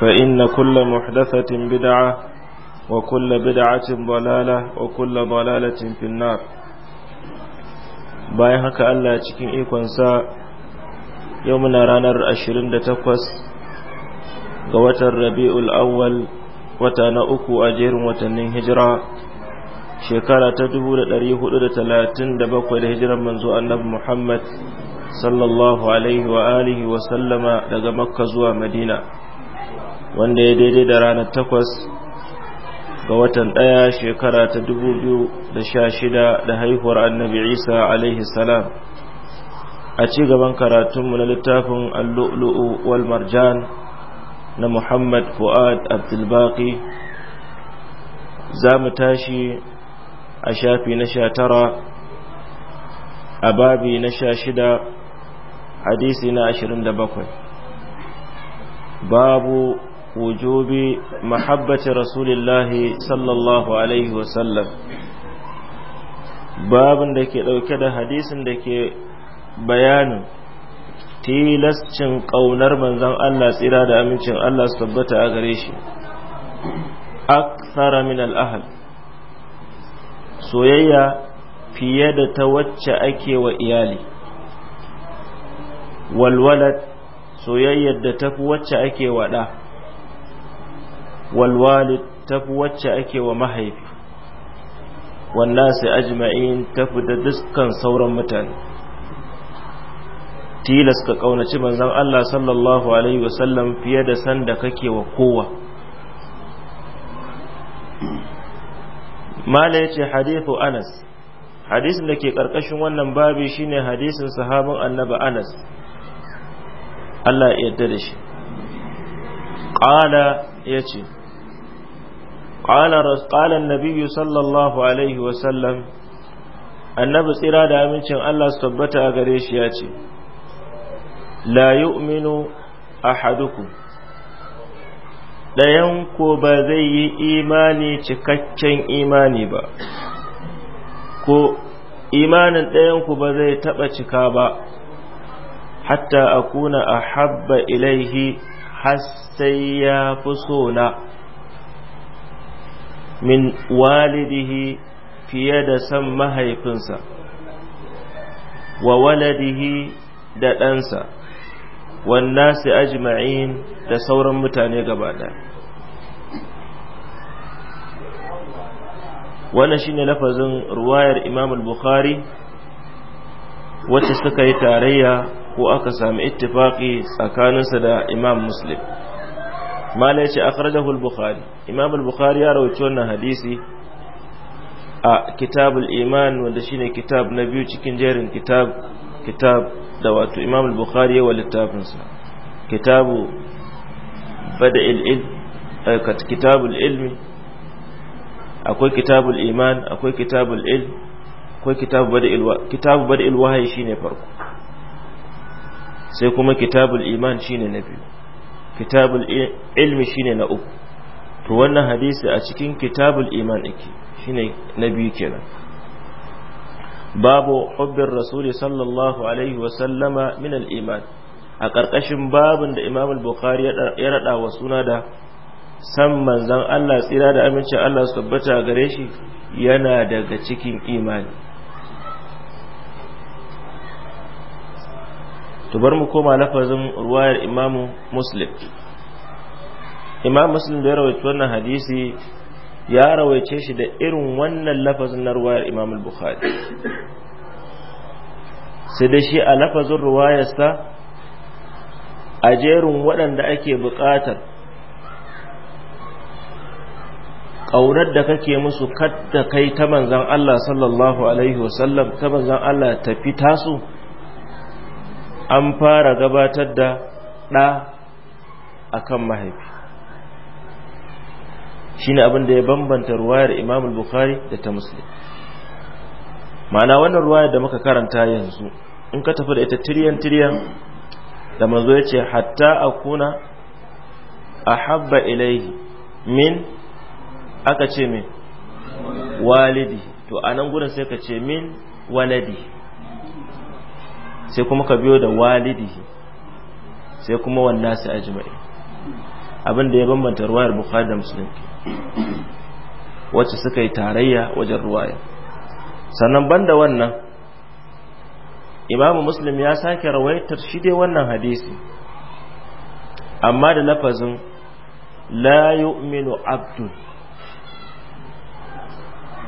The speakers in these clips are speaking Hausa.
فإن كل محدثة بدعة وكل بدعة ضلالة وكل ضلالة في النار bayan haka Allah cikin ikonsa yau muna ranar 28 ga watan Rabi'ul Awwal wata na uku a jerin watannin hijira shekara ta 437 da hijiran manzo Annabi Muhammad sallallahu alaihi wa alihi wa sallama daga Makka zuwa Madina wanda ya daidai da ranar takwas ga watan ɗaya shekara ta dubu biyu da sha shida da haihuwar annabi isa alaihi salam a ci gaban karatunmu na littafin allu'lu'u wal marjan na muhammad fu'ad abdulbaki za mu tashi a shafi na sha tara a babi na sha shida hadisi na ashirin da bakwai babu وجوب محبة رسول الله صلى الله عليه وسلم da ke ɗauke da hadisin da ke bayanin tilascin ƙaunar manzon Allah tsira da amincin Allah su tabbata a gare shi akthara min al'ahal soyayya fiye da ta wacce ake wa iyali walwalad soyayyar da tafi wacce ake wa ɗa walwalid tafi wacce ake wa mahaifi wannasi ajma'in tafi da dukkan sauran mutane tilas ka ci manzon Allah sallallahu alaihi sallam, fiye da sanda kake wa kowa mala yace hadithu Anas hadisin da ke karkashin wannan babi shine hadisin sahaban annabi Anas Allah ya yarda da shi qala yace قال قال النبي صلى الله عليه وسلم annabi tsira da amincin Allah su tabbata a gare shi ya ce la yu'minu ahadukum ɗayan ko ba zai yi imani cikakken imani ba ko imanin ɗayan ku ba zai taɓa cika ba hatta akuna ahabba ilaihi har sai ya fi so na min walidihi fiye da san mahaifinsa wa waladihi da ɗansa wannasi ajma'in da sauran mutane gaba ɗaya wannan shine lafazin ruwayar Imam al-Bukhari wacce suka yi tarayya ko aka sami ittifaki tsakaninsa da Imam Muslim malai yace akhrajahu al-bukhari imam al-bukhari ya rawaito wannan hadisi a kitab al-iman wanda shine kitab na biyu cikin jerin kitab kitab da wato imam al-bukhari ya littafin sa kitabu bada'il ilm eh, al-ilm akwai al iman akwai al ilm akwai kitabu bada'il kitab bada'il wahyi shine farko sai kuma al iman shine na biyu kitabul ilmi shine na uku to wannan hadisi a cikin kitabul iman yake shine na biyu kenan babu hubbin rasuli sallallahu alaihi wa sallama min al iman a ƙarƙashin babun da imam al-bukhari ya rada wa suna da san manzon Allah tsira da amincin Allah su tabbata gare shi yana daga cikin imani to bar mu koma lafazin ruwayar imamu muslim imam muslim da ya rawaita wannan hadisi ya rawaice shi da irin wannan lafazin na ruwayar imam al-bukhari sai da shi a lafazin ruwayarsa a jerin waɗanda ake buƙatar ƙaunar da kake musu kadda kai ta manzan Allah sallallahu alaihi wasallam ta manzan Allah tafi tasu an fara gabatar da ɗa a kan mahaifi shi ne abin da ya bambanta ruwayar imam bukhari da ta musulun ma'ana wannan ruwayar da muka karanta yanzu in ka tafi da ita tiryan tiriyan da manzo ya ce hatta a kuna a habba ilaihi min aka ce min walidi to a nan gudun sai ka ce min waladi sai kuma ka biyo da walidihi sai kuma wannan su ajma'i abin da ya bambanta ruwayar bukhari da muslim wacce suka yi tarayya wajen ruwaya sannan banda wannan imamu muslim ya sake rawaitar shi dai wannan hadisi amma da lafazin la yu'minu abdun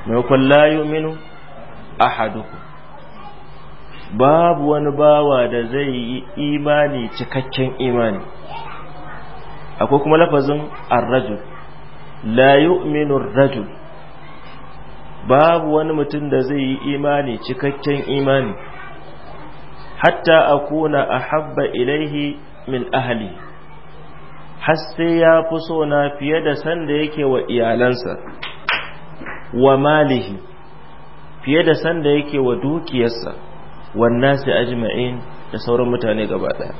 maimakon la yu'minu ahadukum babu wani bawa da zai yi imani cikakken imani akwai kuma lafazin arrajul la yu'minu rajul babu wani mutum da zai yi imani cikakken imani hatta akuna ahabba ilaihi min ahli har ya fi so na fiye da san da yake wa iyalansa wa malihi fiye da sanda yake wa dukiyarsa wannan sai ajma'in da sauran mutane gaba daya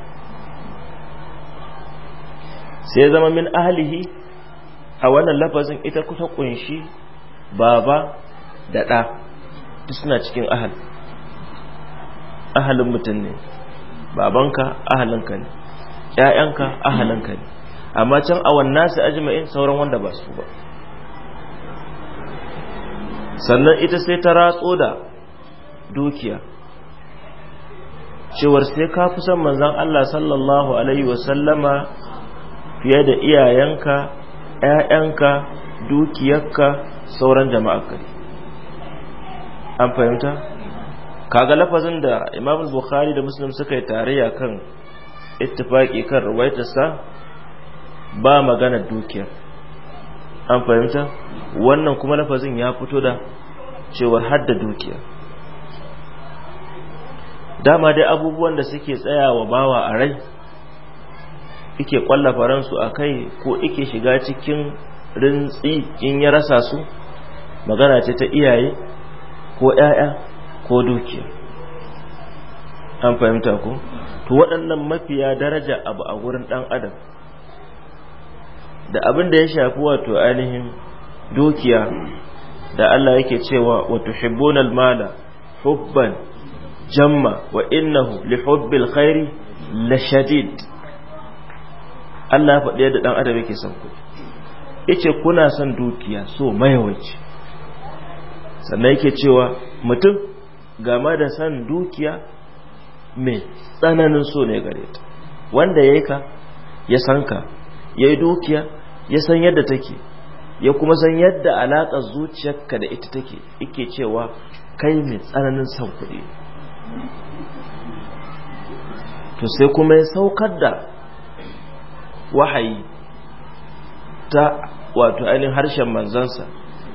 sai zama min ahlihi a wannan lafazin ita kuta kunshi baba da ɗa duk suna cikin ahal ahalin mutum ne babanka ahalinka ne ƴaƴanka ahalinka ne amma can a wannan su ajma'in sauran wanda ba su ba sannan ita sai ta ratso da dukiya cewar sai ka fi son manzon Allah sallallahu alaihi wasallama fiye da iyayenka ‘ya'yanka dukiyarka sauran jama'a. an fahimta kaga lafazin da imam bukhari da muslim suka yi tarayya kan ittifaki kan ruwaitarsa ba magana dukiyar an fahimta wannan kuma lafazin ya fito da cewar hadda dukiyar dama dai abubuwan da suke tsayawa bawa a rai ike kwalla ransu a kai ko ike shiga cikin rintsi in ya rasa su magana ce ta iyaye ko ‘ya'ya ko dukiya an fahimta ku to waɗannan mafiya daraja abu a wurin ɗan adam da abin da ya shafi wato ainihin dukiya da Allah yake cewa wato hibbonal mala hubban jamma wa innahu li hubbil khairi la shadid Allah ya faɗi yadda dan adam yake son ku yace kuna son dukiya so mayawaci sannan yake cewa mutum gama da son dukiya mai tsananin so ne gare ta wanda yayi ka ya san ka yayi dukiya ya san yadda take ya kuma san yadda alaƙar zuciyarka da ita take yake cewa kai mai tsananin son kuɗi to sai kuma ya saukar da wahayi ta wato ainihin harshen manzansa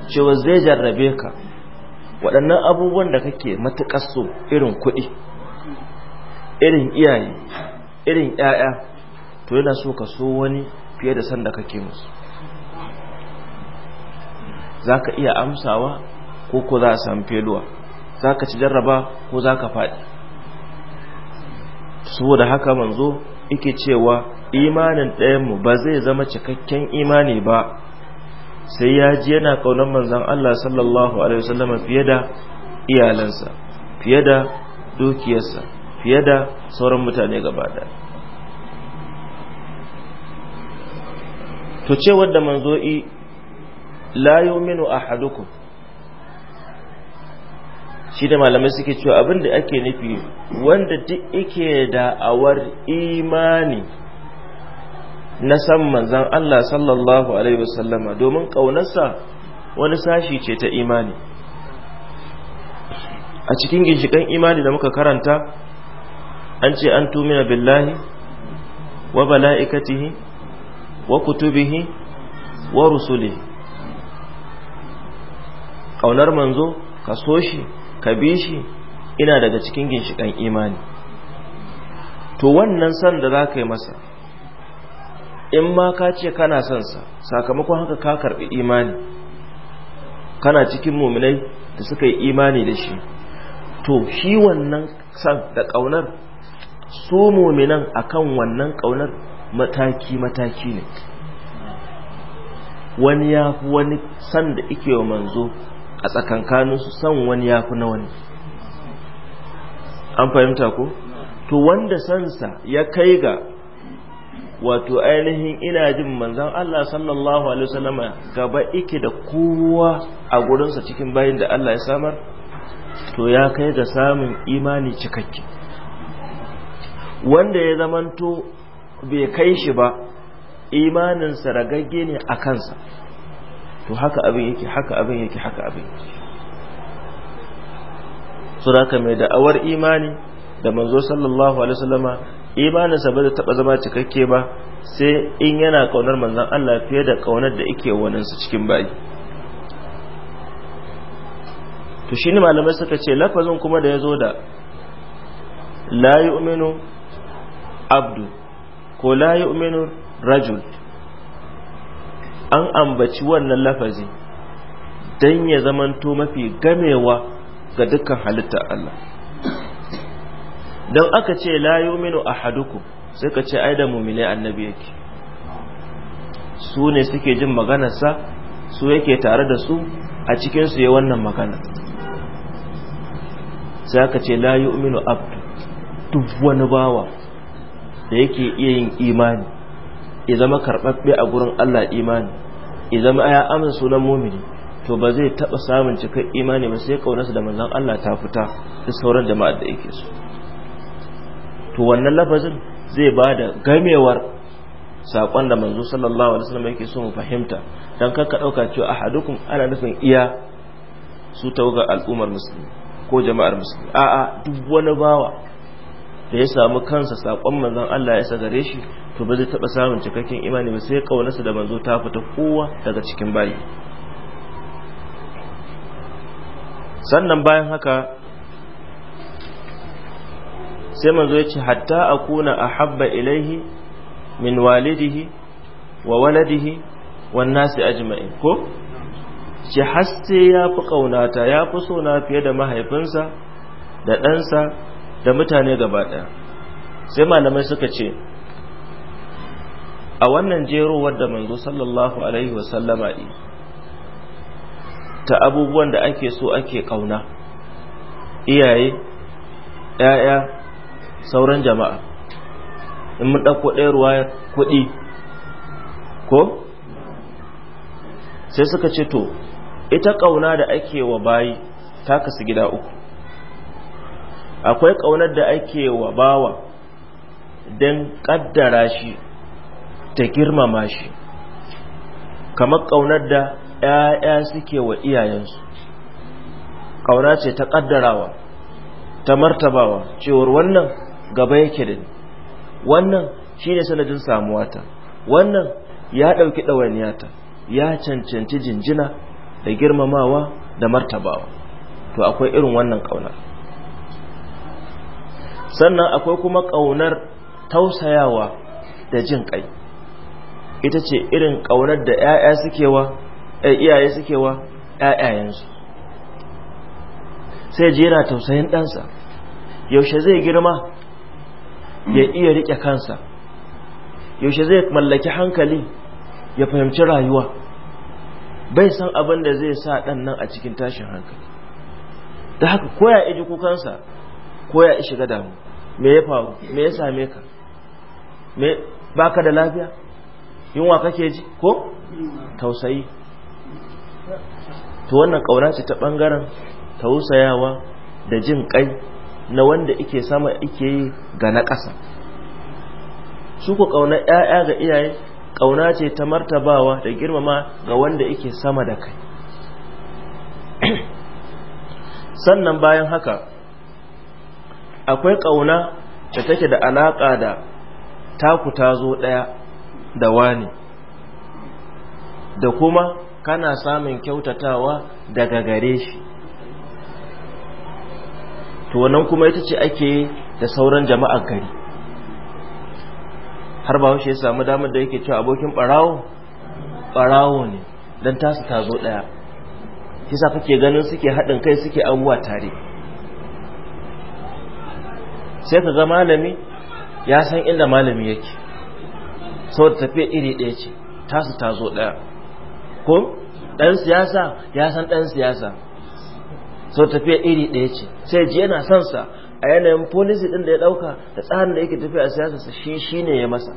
cewa zai jarrabe ka waɗannan abubuwan da kake matuƙar so irin kuɗi irin iyaye irin ‘ya'ya to yana so ka so wani fiye da sanda kake musu za ka iya amsawa ko ku za a samu feluwa za ka ci jarraba ko za ka faɗi saboda haka manzo yake cewa imanin ɗayanmu ba zai zama cikakken imani ba sai ya ji yana kaunar manzan Allah sallallahu Alaihi wasallama fiye da iyalansa fiye da dukiyarsa fiye da sauran mutane gaba ɗaya to ce wadda manzo'i la yuminu ahadukum shi da malamai suke cewa abin da ake nufi wanda duk yake da'awar imani na san manzan Allah sallallahu alaihi wasallama domin ƙaunarsa wani sashi ce ta imani a cikin ginshikan imani da muka karanta an ce an tumina billahi wa bala'ikatihi wa kutubihi wa rusuli ƙaunar manzo ka so shi ka bi shi ina daga cikin ginshikan imani to wannan san da za ka yi masa in ma ka ce kana son sa sakamakon haka ka karbi imani kana cikin muminai da suka yi imani da shi to shi wannan san da ƙaunar su muminan akan wannan ƙaunar mataki-mataki ne wani ya fi wani san da ike wa manzo a su san wani ya fi na wani an fahimta ko to wanda sansa ya kai ga wato ainihin ina jin manzan Allah sallallahu alaihi wasallama gaba ike da kowa a gurinsa cikin bayin da Allah ya samar to ya kai ga samun imani cikakke wanda ya zamanto bai kai shi ba imaninsa ragagge ne a kansa to haka abin yake haka abin yake haka abin suraka mai da'awar imani da manzo sallallahu alaihi wasallama imaninsa ba zai taba zama cikakke ba sai in yana kaunar manzon Allah fiye da kaunar da yake waninsa cikin bayi to shine malamai suka ce lafazin kuma da ya zo da la yu'minu abdu ko la yu'minu rajul an ambaci wannan lafazi don ya zamanto mafi gamewa ga dukkan halitta Allah don aka ce la a haduku, sai ka ce ai da mumine annabi yake su ne suke jin maganarsa su yake tare da su a cikinsu ya wannan magana sai aka ce la yu'minu abdu duk wani bawa da yake iya yin imani ya zama karɓaɓɓe a gurin Allah imani ya zama ya amsa sunan mumini to ba zai taɓa samun cikar imani ba sai ƙaunarsa da manzan Allah ta fita da sauran jama'ar da yake su to wannan lafazin zai ba da gamewar saƙon da manzo sallallahu alaihi wasallam yake so mu fahimta dan kanka ɗauka cewa ahadukum ana nufin iya su tawaga al'ummar musulmi ko jama'ar musulmi a'a duk wani bawa da ya samu kansa sakon manzon Allah ya sagare shi to ba zai taba samun cikakken imani ba sai kaunarsa da manzo ta fita kowa daga cikin bayi sannan bayan haka sai manzo ya ce hatta akuna ahabba ilaihi min walidihi wa waladihi wan nasi ajma'in ko ce haske ya fi ƙaunata ya fi sona fiye da mahaifinsa da ɗansa da mutane gaba ɗaya sai malamai suka ce a wannan jerowar da manzo sallallahu alaihi wasallama ta abubuwan da ake so ake kauna iyaye ‘ya'ya sauran jama'a in mun ɗauko ɗaya ruwayar kuɗi ko sai suka ce to ita kauna da ake wa bayi ta kasu gida uku akwai ƙaunar da ake wa bawa don ƙaddara shi ta girmama shi kamar ƙaunar da ‘ya'ya suke wa iyayensu ƙauna ce ta ƙaddarawa ta martabawa cewar wannan gaba yake da ni wannan shi ne sanadin samuwata wannan ya ɗauki ɗawainiyata ya cancanci jinjina da girmamawa da martabawa to akwai irin wannan ƙauna. sannan akwai kuma ƙaunar tausayawa da jin ƙai ita ce irin ƙaunar da ‘ya'ya sukewa eh, iyaye sukewa ‘ya'yayensu sai jera tausayin ɗansa yaushe zai girma ya iya riƙe kansa yaushe zai mallaki hankali ya fahimci rayuwa bai san abin da zai sa ɗan nan a cikin tashin hankali da haka koya iji kukansa ko ya shiga damu me ya faru me ya same ka me baka da lafiya yunwa kake ji ko tausayi to wannan kauna ce ta bangaren tausayawa da jin kai na wanda ike sama ike yi ga na ƙasa su ku kauna ƴaƴa ga iyaye ƙauna ce ta martabawa da girmama ga wanda ike sama da kai sannan bayan haka akwai ƙauna da take da alaƙa da taku tazo zo ɗaya da wani da kuma kana samun kyautatawa daga gare shi to wannan kuma ita ce ake da sauran jama'ar gari har ba ya samu damar da yake cewa abokin ɓarawo ɓarawo ne don tasu tazo zo ɗaya kisa kake ganin suke haɗin kai suke abubuwa tare sai ka ga malami ya san inda malami yake sau da tafiya iri ɗaya ce tasu ta zo ɗaya ko ɗan siyasa ya san ɗan siyasa sau da tafiya iri ɗaya ce sai ji yana son sa a yanayin polisi ɗin da ya ɗauka da tsarin da yake tafiya a siyasarsa shi shi ne ya masa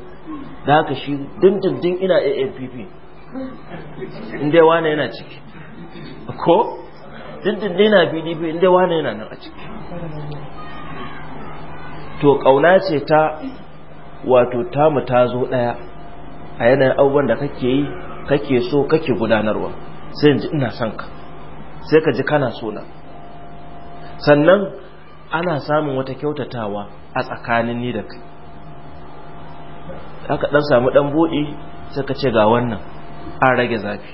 da haka shi dindindin ina AAPP inda ya wane yana ciki ko dindindin ina PDP inda ya wane yana nan a ciki to ƙauna ce ta wato ta mu ta zo ɗaya a yanayin abubuwan da kake yi kake so kake gudanarwa sai in ina son ka sai ka ji kana sona sannan ana samun wata kyautatawa a tsakanin ni da kai aka ɗan samu ɗan buɗi sai ka ce ga wannan an rage zafi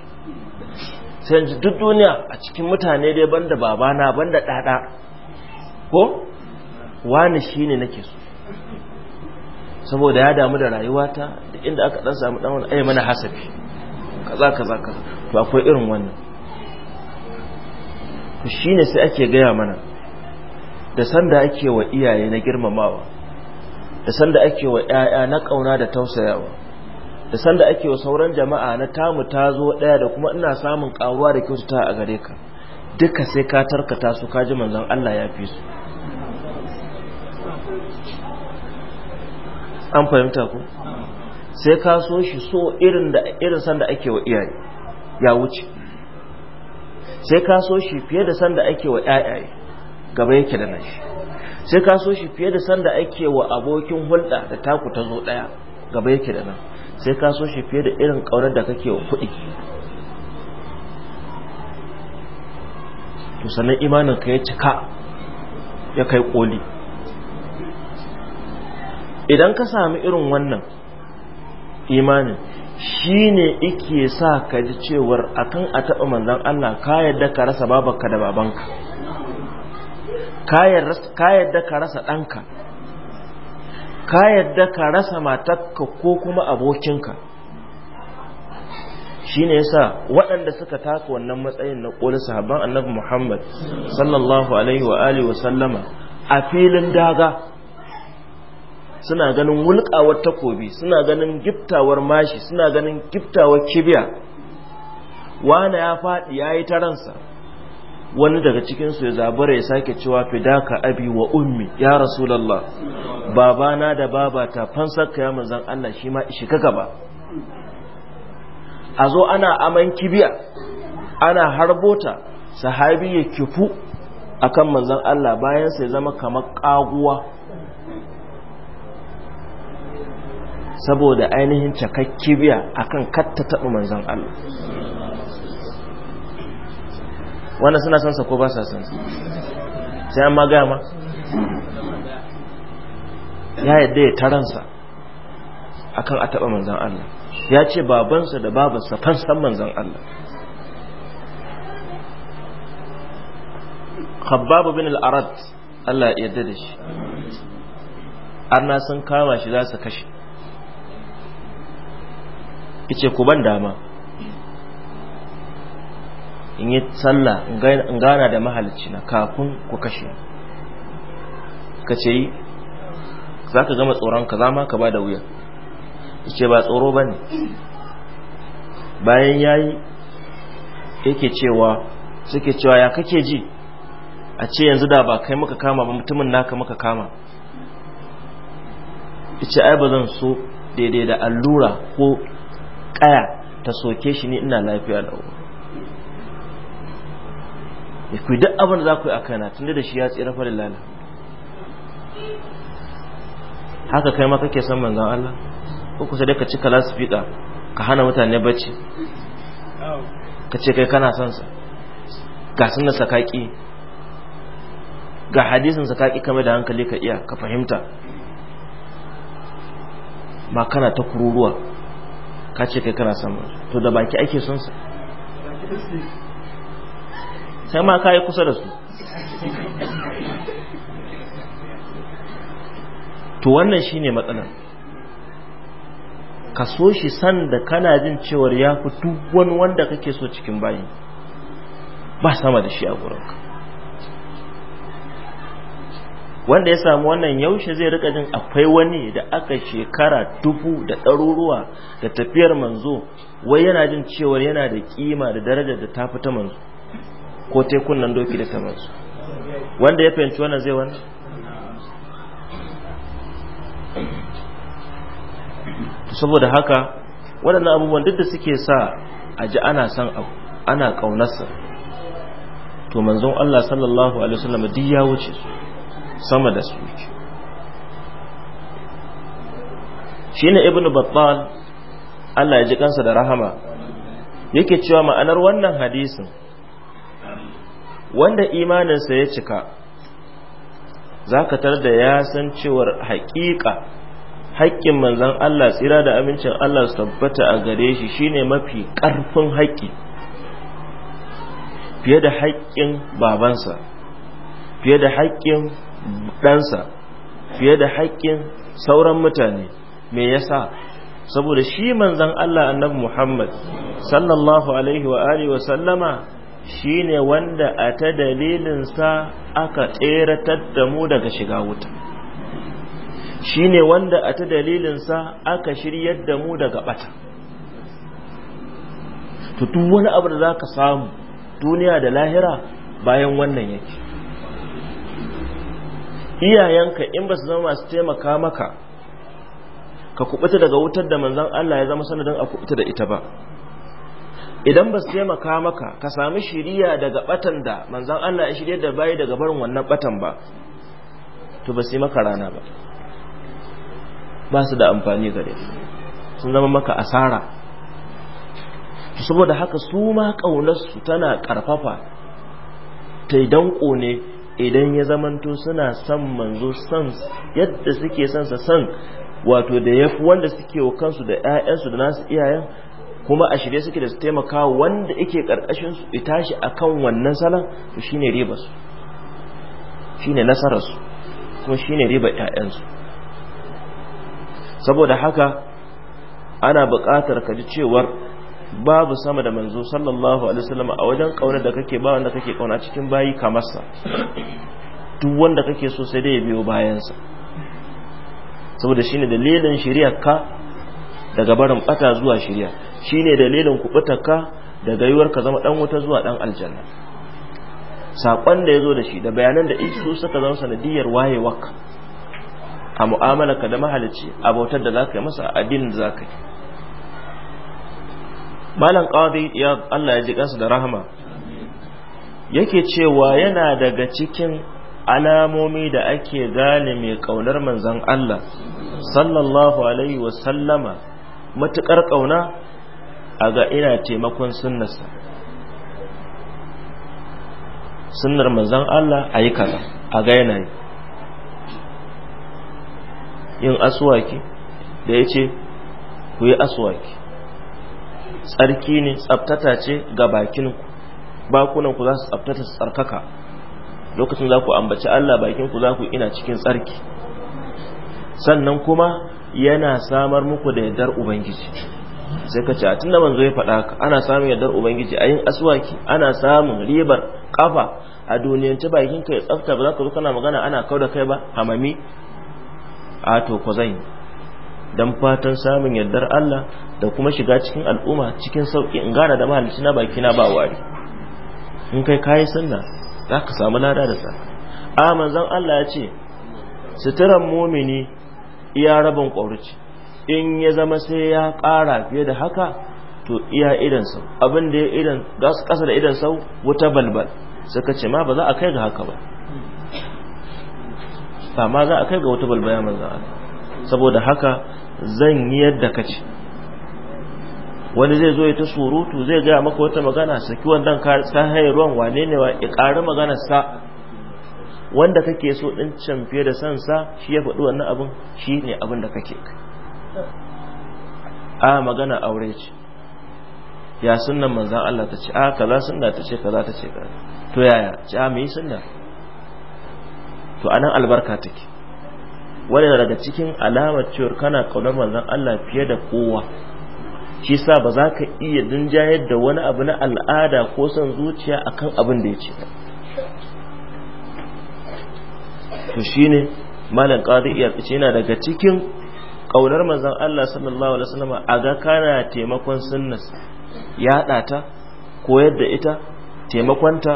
sai duk duniya a cikin mutane dai banda babana banda ɗaɗa ko wani shi ne nake so saboda ya damu da rayuwata da inda aka dan samu dan wani ai mana hasafi kaza kaza kaza to akwai irin wannan to shine sai ake gaya mana da sanda ake wa iyaye na girmamawa da sanda ake wa 'ya'ya na ƙauna da tausayawa da sanda ake wa sauran jama'a na tamu ta zo ɗaya da kuma ina samun karuwa da kyautata a gare ka duka sai ka tarkata su ka ji manzon Allah ya fi su an fahimta ku sai ka so shi so irin da irin sanda ake wa iyaye ya wuce sai ka so shi fiye da sanda ake wa yayaye gaba yake da nashi sai ka so shi fiye da sanda ake wa abokin hulɗa da taku ta zo ɗaya gaba yake da nan sai ka so shi fiye da irin ƙaunar da kake wa kuɗi to sannan imanin ka ya cika ya kai ƙoli idan ka sami irin wannan imanin shi ne ike sa ka ji cewar akan a taɓa manzan Allah kayan da ka rasa babanka da babanka ka da ka rasa ɗanka kayan da ka rasa matakka ko kuma abokinka shi ne sa waɗanda suka taka wannan matsayin na ƙoli sahabban annabi muhammad sallallahu alaihi wa wa sallama a filin daga suna ganin wulƙawar takobi suna ganin giftawar mashi suna ganin giftawar kibiya wani ya faɗi ya yi taransa wani daga cikinsu ya zabara ya sake cewa fidaka abi wa ummi ya rasu rasulallah babana da babata fansarka ya manzan Allah shi ma ishi kaka ba a zo ana aman kibiya ana harbota sahabi ya kifu akan manzan Allah bayan sai zama kamar ƙaguwa. saboda ainihin cakakki biya akan katta taɓa manzan Allah wannan suna sansa ko ba sa sansa sai an magaya ma ya yadda ya taransa akan a taɓa manzan Allah ya ce babansa da babansa fansan manzan Allah khabbab bin al-arad Allah ya yadda da shi arna sun kama shi za su kashe yace ku ban dama in yi sallah in gana da mahalicci na kafin ku kashe ka ce yi za ka gama tsoron ka zama ka ba da wuya ce ba tsoro ba ne bayan ya yi yake cewa suke cewa ya kake ji a ce yanzu da ba kai muka kama ba mutumin naka muka kama ce ai ba zan so daidai da allura ko kaya ta soke shi ni ina lafiya da uwa ya ku duk abin da za ku yi a kaina tun da shi ya tsira fa lalla haka kai ma kake san manzon Allah ko kusa da ka cika lasfika ka hana mutane bacci ka ce kai kana son sa ga sunna sakaki ga hadisin sakaki kamar da hankali ka iya ka fahimta ma kana ta kururuwa ka ce kai kana son to da baki ake son sa sai ma ka kusa da su to wannan shine matsalar ka so shi san da kana jin cewar ya fi duk wani wanda kake so cikin bayi ba sama da shi a gurinka wanda ya samu wannan yaushe zai rika jin akwai wani da aka shekara dubu da ɗaruruwa da tafiyar manzo wai yana jin cewar yana da kima da darajar da ta fita manzo ko tekun nan doki da ta manzo wanda ya fahimci wannan zai wani saboda haka waɗannan abubuwan duk da suke sa a ji ana son abu ana ƙaunarsa to manzon Allah sallallahu alaihi wasallam duk ya wuce su sama da su ne ibn battal Allah ya ji kansa da rahama yake cewa ma'anar wannan hadisin wanda imaninsa ya cika zakatar tar da ya san cewar hakika haƙƙin manzan Allah tsira da amincin Allah su tabbata a gare shi shine mafi ƙarfin haƙƙi fiye da haƙƙin babansa fiye da haƙƙin ɗansa fiye da haƙƙin sauran mutane me yasa saboda shi manzon Allah annabi Muhammad sallallahu alaihi wa alihi wa sallama shine wanda a ta dalilinsa aka tseratar da mu daga shiga wuta shine wanda a ta dalilinsa aka shiryar da mu daga bata to duk wani abu da za ka samu duniya da lahira bayan wannan yake iyayenka in ba su zama masu taimaka maka ka kubuta daga wutar da manzan Allah ya zama sanadin a kubuta da ita ba idan ba su taimaka maka ka sami shiriya daga batan da manzan Allah ya shirya da bayi daga barin wannan batan ba to ba su yi maka rana ba ba su da amfani gare sun zama maka asara saboda haka su ma ƙaunarsu tana ƙarfafa ta yi danƙo idan ya zamanto suna son manzo son yadda suke son sa son wato da ya fi wanda suke wa kansu da ƴaƴansu da nasu iyayen kuma a shirye suke da su taimaka wanda yake karkashin su ya a akan wannan salon to shine riba su shine nasarar su kuma shine riba ƴaƴan saboda haka ana buƙatar ka ji cewar babu sama da manzo sallallahu alaihi wasallam a wajen kauna da kake ba wanda kake kauna cikin bayi kamar sa duk wanda kake so sai dai ya biyo bayansa saboda shine dalilin shari'ar ka daga barin bata zuwa shari'a shine dalilin kubutar ka da yiwuwar ka zama dan wuta zuwa dan aljanna sakon da yazo da shi da bayanan da su suka zama sanadiyar wayewarka a ka da mahalicci a bautar da zaka yi masa a addinin da zaka yi malam qadi ya Allah ya ji kansa da rahama yake cewa yana daga cikin alamomi da ake gane mai kaunar manzon Allah sallallahu alaihi wa sallama matukar kauna a ga ina taimakon sunnarsa sunnar manzon Allah ayi kaza a ga yana yin aswaki da yace ku yi aswaki tsarki ne tsabtata ce ga bakin bakunan ku za su tsabtata su tsarkaka lokacin za ku ambaci Allah bakin ku za ku ina cikin tsarki sannan kuma yana samar muku da yardar ubangiji sai ka ce a tunda manzo ya faɗa ka ana samun yardar ubangiji a yin aswaki ana samun ribar kafa a duniyance bakin ka ya tsafta ba za ka zo kana magana ana da kai ba hamami a to ku zan dan fatan samun yardar Allah da kuma shiga cikin al'umma cikin sauƙi in gara da mahalicci na baki na ba wari in kai kayi sunna za ka samu lada da sa a manzon Allah ya ce suturan mumini iya rabin ƙwaruci in ya zama sai ya ƙara fiye da haka to iya idan sau abin da ya idan su ƙasa da idan sau wuta balbal suka ce ma ba za a kai ga haka ba ba ma za a kai ga wuta balbal ya manzon Allah saboda haka zan yi yadda ka ce wani zai zo ya ta surutu zai gaya maka wata magana saki wannan ka haye ruwan wane ne wa ƙari magana sa wanda kake so ɗin can fiye da sansa shi ya faɗi wannan abin shi ne abin da kake a magana aure ce ya sunan manzan Allah ta ce a kaza sunna ta ce kaza ta ce kaza to yaya ci a mai sunna to anan albarka take wani daga cikin alamar cewar kana kaunar manzon Allah fiye da kowa shi sa ba za ka iya dinjayar da wani abu na al'ada ko son zuciya akan abin da ya ce to shine malam qadi iya ce yana daga cikin kaunar manzon Allah sallallahu alaihi wasallam a ga kana taimakon sunnas yaɗa ta koyar da ita taimakonta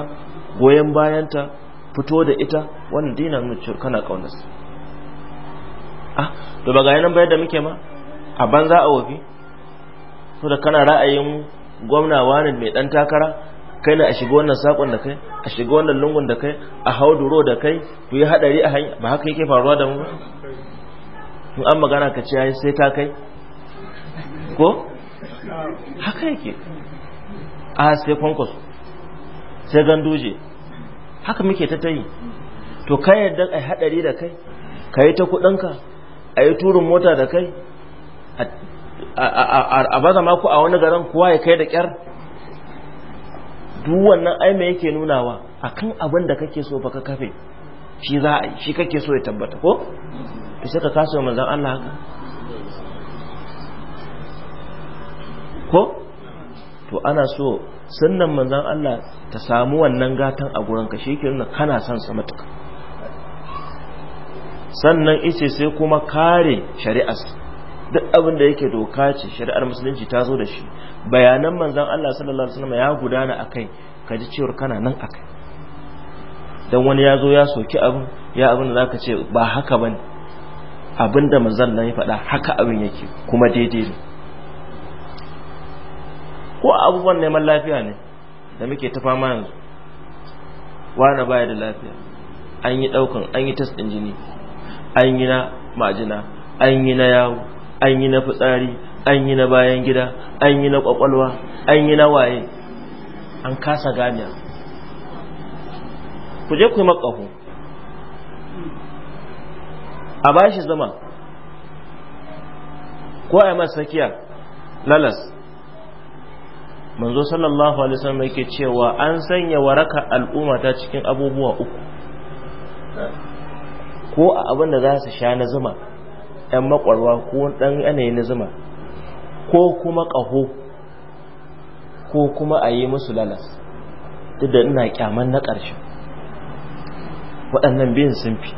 goyon bayanta fito da ita wannan dina mun kana kaunarsa ah to ba ga yanan bayar da muke ma a banza a wofi? to da kana ra'ayin gwamna wani mai dan takara kai ne a shiga wannan sakon da kai a shiga wannan lungun da kai a hau duro da kai ku yi hadari a hanya ba haka yake faruwa da mu ba in an magana ka ce sai ta kai ko haka yake a sai kwankwas sai ganduje haka muke ta tayi to kai yadda ai hadari da kai kai ta kudinka a yi turin mota da kai a baza maku a wani garin kuwa ya kai da kyar duk wannan ai me yake nunawa kan abin da kake so baka kafe shi za a yi shi kake so ya tabbata ko sai ka kaso manzon Allah haka ko to ana so sunnan manzan Allah ta samu wannan gatan a gurinka shi ke nuna kana son sa matuka. sannan ice sai kuma kare shari'ar duk abin da yake doka ce shari'ar musulunci ta zo da shi bayanan manzon Allah sallallahu alaihi wasallam ya gudana akai ka ji cewar kana nan akai dan wani ya zo ya soki abin ya abin da zaka ce ba haka bane abin da manzon nan ya faɗa haka abin yake kuma daidai ne ko abubuwan neman lafiya ne da muke ta fama yanzu wani baya da lafiya an yi ɗaukan an yi tas ɗin jini an yi na majina an yi na yawo an yi na fitsari an yi na bayan gida an yi na kwakwalwa an yi na waye an kasa ganiya ku je ku yi makaho a bashi zama ko a yi masakiya lalas manzo sallallahu alaihi wasallam yake cewa an sanya waraka al'umma ta cikin abubuwa uku ko a abin da za su sha na zuma ɗan makwarwa ko ɗan yanayi na zuma ko kuma ƙaho ko kuma a yi musu lalas duk da ina kyaman na ƙarshe waɗannan biyan sun fi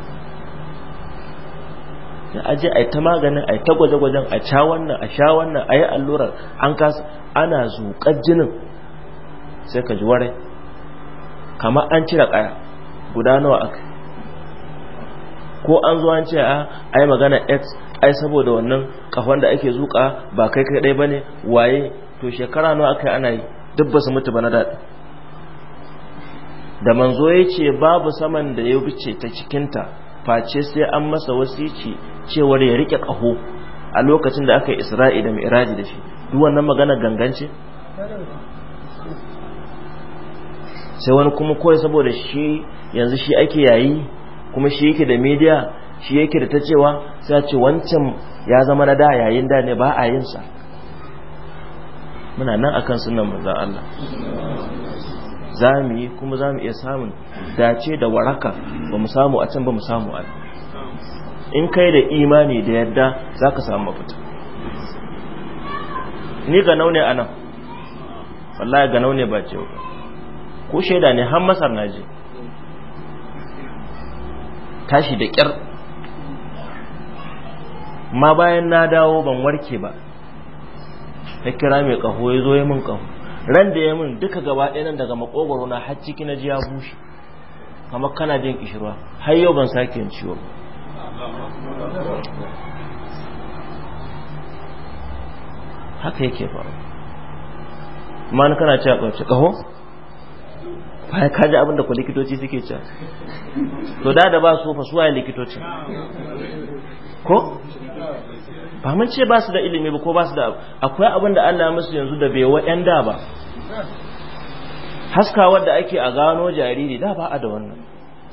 da aje a ta maganin a ta gwaje-gwajen a sha wannan a sha wannan a yi allurar an kasa ana zuƙar jinin sai ka ji warai kama an cire ƙaya guda nawa aka ko an zo an ce a ah, ai magana x ai saboda wannan kafan da ake zuka ba kai kai dai bane waye to shekara nawa akai ana yi duk ba su mutu ba na daɗi da manzo ya ce babu saman da ya wuce ta cikinta face sai an masa wasici cewar ya rike kaho a lokacin da aka yi isra'i da mi'raji da shi duk wannan magana gangance sai wani kuma kawai saboda shi yanzu shi ake yayi kuma shi yake da media shi yake da ta cewa sai ce wancan ya zama na da yayin da ne ba a yin sa muna nan akan sunan manzo Allah za mu yi kuma za mu iya samun dace da waraka ba mu samu a can ba mu samu a in kai da imani da yadda za ka samu mafita ni ga naune a nan wallahi ga naune ba ce ko sheda ne har masar na je tashi da ƙyar ma bayan na dawo ban warke ba ya kira mai ƙaho ya zo ya min ƙaho ran da ya min duka gaba ɗaya nan daga makogoro na har ciki na ji ya bushe kamar kana jin kishirwa har yau ban sake yin ciwo haka yake faru ma kana ce a ƙaho bayan ka ji abinda ku likitoci suke ce to da da ba su fa suwaye likitoci, ko ba mun ce ba su da ilimi ba ko ba su da akwai abin da Allah musu yanzu da bai wa ƴan da ba haskawar da ake a gano jariri da ba a da wannan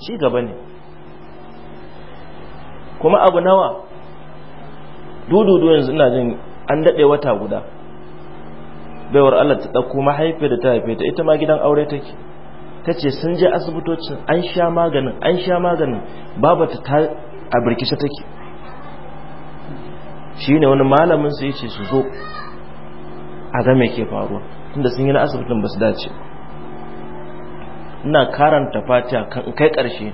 ci gaba ne kuma abu nawa dududu yanzu ina jin an daɗe wata guda baiwar Allah ta ɗauko mahaifiyar da ta haife ta ita ma gidan aure take ta ce sun je asibitocin an sha maganin an sha maganin babata ta a birkisa take shi ne wani malamin su ce su zo a ga ke faruwa tunda sun yi na asibitin ba su dace ina karanta fatiya kan kai karshe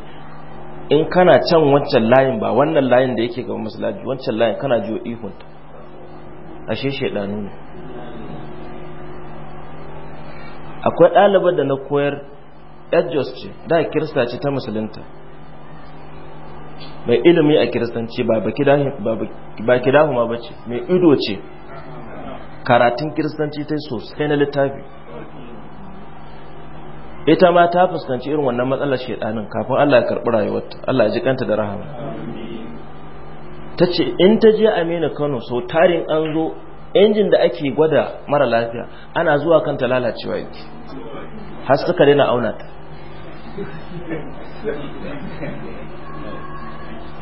in kana can wancan layin ba wannan layin da yake gaba masallaci wancan layin kana jiyo ihunta ashe shaidanu ne akwai ɗalibar da na koyar edjos ce da kirista ce ta musulunta mai ilimi a kiristanci ba dahu ma bace mai ido ce karatun kiristanci ta sosai na littafi ita ma ta fuskanci irin wannan matsalar shaidanin kafin Allah ya karɓi rayuwarta Allah ya ji kanta da rahama ta ce in ta je amina Kano so tarin an zo injin da ake gwada mara lafiya ana zuwa kanta lalacewa yake har suka daina auna ta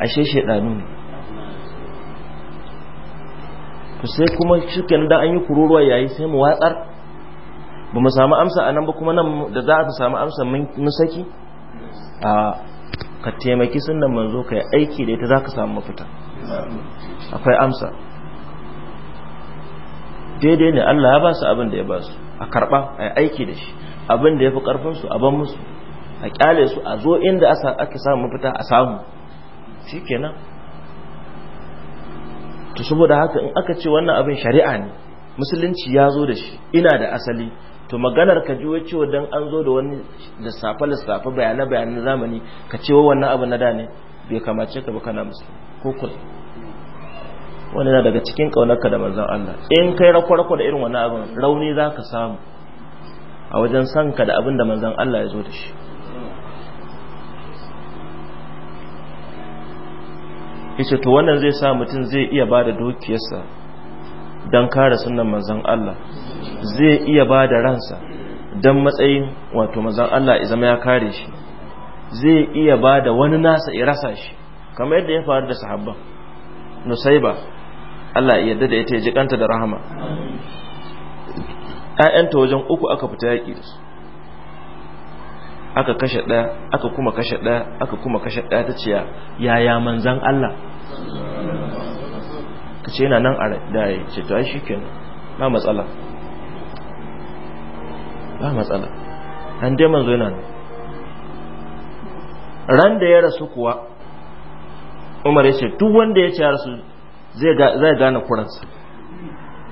ashe shaidanu ne sai kuma shirken da an yi kururuwa yayi sai mu watsar ba mu samu amsa a nan ba kuma nan da za a samu amsa mun saki a ka taimaki sunan manzo ka yi aiki da ita za ka samu mafita akwai amsa daidai ne Allah ya ba su abin da ya ba su a karɓa a yi aiki da shi abin da ya fi ƙarfinsu a ban musu a kyale su a zo inda aka samu mafita a samu shikenan to saboda haka in aka ce wannan abin shari'a ne musulunci ya zo da shi ina da asali to maganar ka ji cewa don an zo da wani lissafe lissafe bayana bayanan zamani ka ce wannan abin na da ne bai kamace ka ba kana musulmi ko kul wani na daga cikin kaunarka da manzan Allah in kai rako-rako da irin wannan abin rauni za ka samu a wajen sanka da abin da manzan Allah ya zo da shi yace to wannan zai sa mutum zai iya bada dukiyarsa dan kare sunnan manzon Allah zai iya bada ransa dan matsayin wato manzon Allah zama ya kare shi zai iya bada wani nasa ya rasa shi kamar yadda ya faru da sahabban nusaiba Allah ya yarda da ita ya ji kanta da rahama ƴaƴanta wajen uku aka fita yaki da su aka kashe ɗaya aka kuma kashe ɗaya aka kuma kashe ɗaya ta ciya. yaya manzan Allah Ka ce yana nan a daya ce to ai shi kenan ba matsala ba matsala an dai manzo yana nan ran da ya rasu kuwa umar ya ce duk wanda ya ce ya rasu zai gane kuransa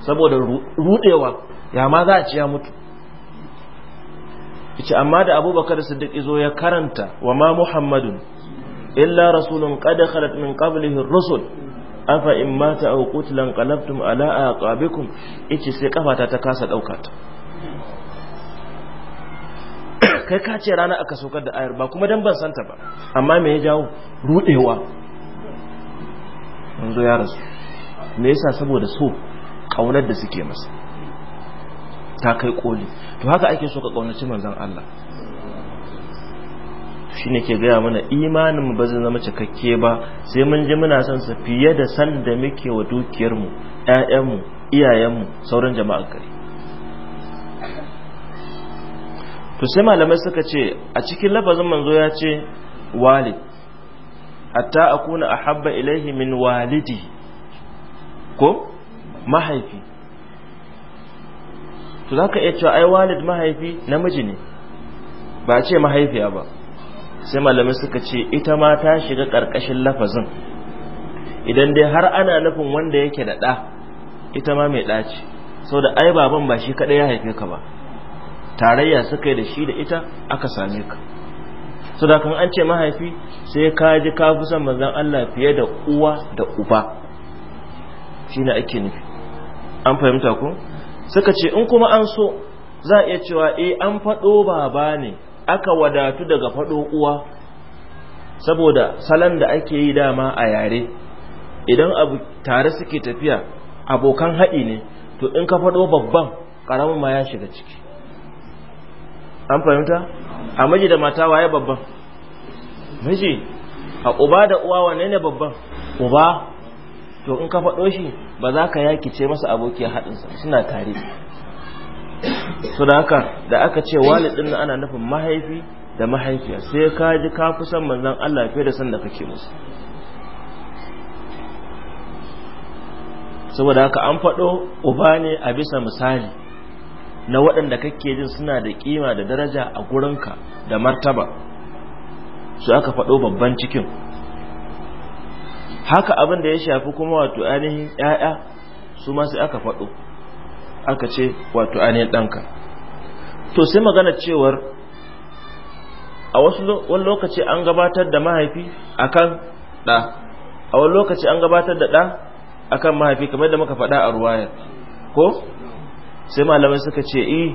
saboda rudewa ya ma za a ci ya mutu yace amma da abubakar siddiq izo ya karanta wa ma muhammadun illa rasulun qad khalat min qablihi ar-rusul afa in mata aw qutlan qalabtum ala aqabikum yace sai kafata ta kasa dauka ta kai ka ce rana aka saukar da ayar ba kuma dan ban santa ba amma me ya jawo rudewa yanzu ya rasu me yasa saboda so kaunar da suke masa ta kai koli to haka ake so ka kaunaci manzon Allah shine ke gaya mana imanin mu ba zai zama cikakke ba sai mun ji muna son sa fiye da san da muke wa dukiyar mu ƴaƴan mu iyayen mu sauran jama'ar gari to sai malamai suka ce a cikin lafazin manzo ya ce walid hatta akuna ahabba ilaihi min walidi ko mahaifi to za ka iya cewa ai walid mahaifi namiji ne ba a ce mahaifiya ba sai malamai suka ce ita ma ta shiga ƙarƙashin lafazin idan dai har ana nufin wanda yake da ɗa ita ma mai ɗa ce sau da ai baban ba shi kaɗai ya haife ka ba tarayya suka yi da shi da ita aka same ka sau da kan an ce mahaifi sai ka ji ka fi son manzan Allah fiye da uwa da uba shi ne ake nufi an fahimta ku? suka ce in kuma an so za iya cewa eh an faɗo baba ne aka wadatu daga faɗo uwa saboda salon da ake yi dama a yare idan abu tare suke tafiya abokan haɗi ne to in ka faɗo babban ƙaramin ma ya shiga ciki an fahimta a miji da mata waye babban miji a uba da uwa wanne ne babban uba to in ka faɗo shi ba za ka yakice masa abokiyar haɗinsa suna tare su da haka da aka ce walidin ana nufin mahaifi da mahaifiya sai ka ji ka fi san manzon Allah fiye da san da kake musu saboda haka an faɗo uba ne a bisa misali na waɗanda kake jin suna da kima da daraja a gurinka da martaba su aka faɗo babban cikin haka abin da ya shafi kuma wato ainihin ƴaƴa su ma sai aka faɗo aka ce wato ainihin ɗanka to sai magana cewar a wasu wani lokaci an gabatar da mahaifi akan ɗa a wani lokaci an gabatar da ɗa akan mahaifi kamar da muka faɗa a ruwayar ko sai malamai suka ce eh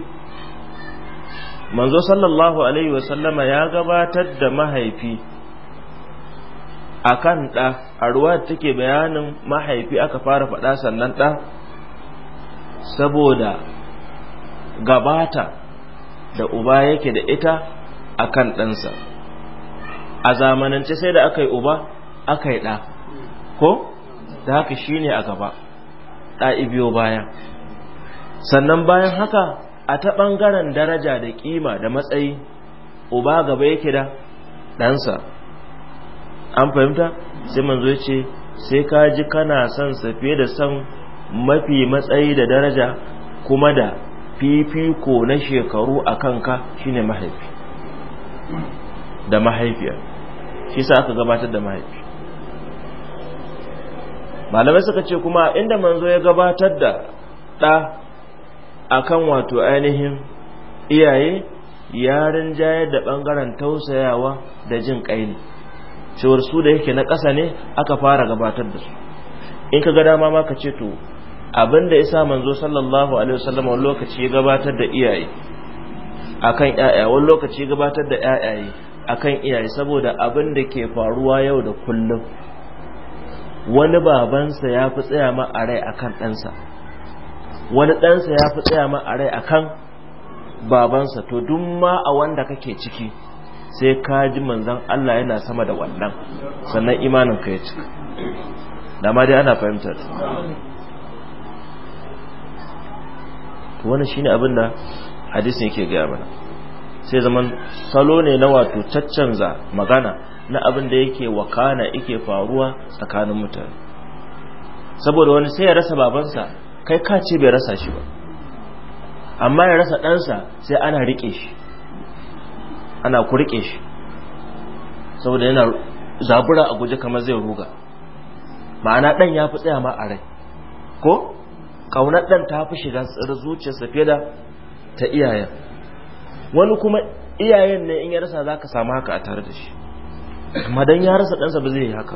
manzo sallallahu alaihi wasallama ya gabatar da mahaifi akan ɗa a ruwa da take bayanin mahaifi aka fara faɗa sannan ɗa saboda gabata da uba yake da ita akan ɗansa a zamanance sai da aka yi uba aka yi ɗa ko da haka shine a gaba ɗa ibiyo baya sannan bayan haka a ta ɓangaren daraja da ƙima da matsayi uba gaba yake da ɗansa an fahimta sai manzo ya ce sai ka ji kana son sa fiye da son mafi matsayi da daraja kuma da fifiko na shekaru a kanka shine mahaifi da mahaifiya shi sa aka gabatar da mahaifi malamai suka ce kuma inda manzo ya gabatar da ɗa akan wato ainihin iyaye yarin jayar da ɓangaren tausayawa da jin ƙaini cewar su da yake na ƙasa ne aka fara gabatar da su in ka ga dama ma ka ce to abin da isa manzo sallallahu alaihi wasallam wani lokaci ya gabatar da iyaye akan iyaye wani lokaci ya gabatar da iyaye akan iyaye saboda abin da ke faruwa yau da kullum wani babansa ya fi tsaya ma a rai akan ɗansa wani ɗansa ya fi tsaya ma a rai akan babansa to duk ma a wanda kake ciki sai ka ji manzan Allah yana sama da wannan sannan imanin ka ya cika da ma dai ana fahimtar to wannan shine abin da hadisin yake gaya mana sai zaman salo ne na wato caccanza magana na abin da yake wakana yake faruwa tsakanin mutane saboda wani sai ya rasa babansa kai ka ce bai rasa shi ba amma ya rasa ɗansa sai ana riƙe shi ana kurke shi saboda yana zabura a guje kamar zai ruga ma'ana dan ya fi tsaya ma a rai ko kaunar dan ta fi shiga tsirar zuciyarsa fiye da ta iyayen wani kuma iyayen ne in ya rasa za ka samu haka a tare da shi amma dan ya rasa ɗansa ba zai yi haka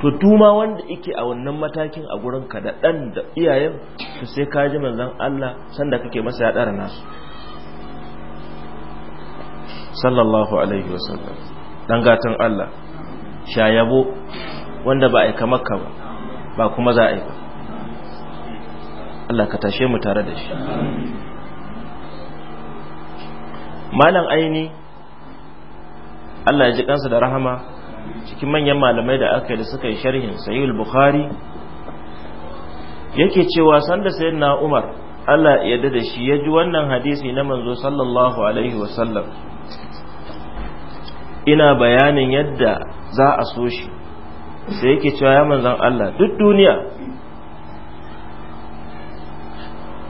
to tuma wanda ike a wannan matakin a gurin ka da ɗan da iyayen to sai ka ji manzon Allah sanda kake masa ya ɗara nasu sallallahu alaihi wasallam dan gatan Allah shayabo wanda ba aika makka ba ba kuma za a aika Allah ka tashe mu tare da shi malam aini Allah ya ji kansa da rahama cikin manyan malamai da aka yi da suka yi sharhin sahihul bukhari yake cewa sanda na umar Allah ya da shi ya ji wannan hadisi na manzo sallallahu alaihi wasallam ina bayanin yadda za a so shi sai yake cewa ya manzan Allah duk duniya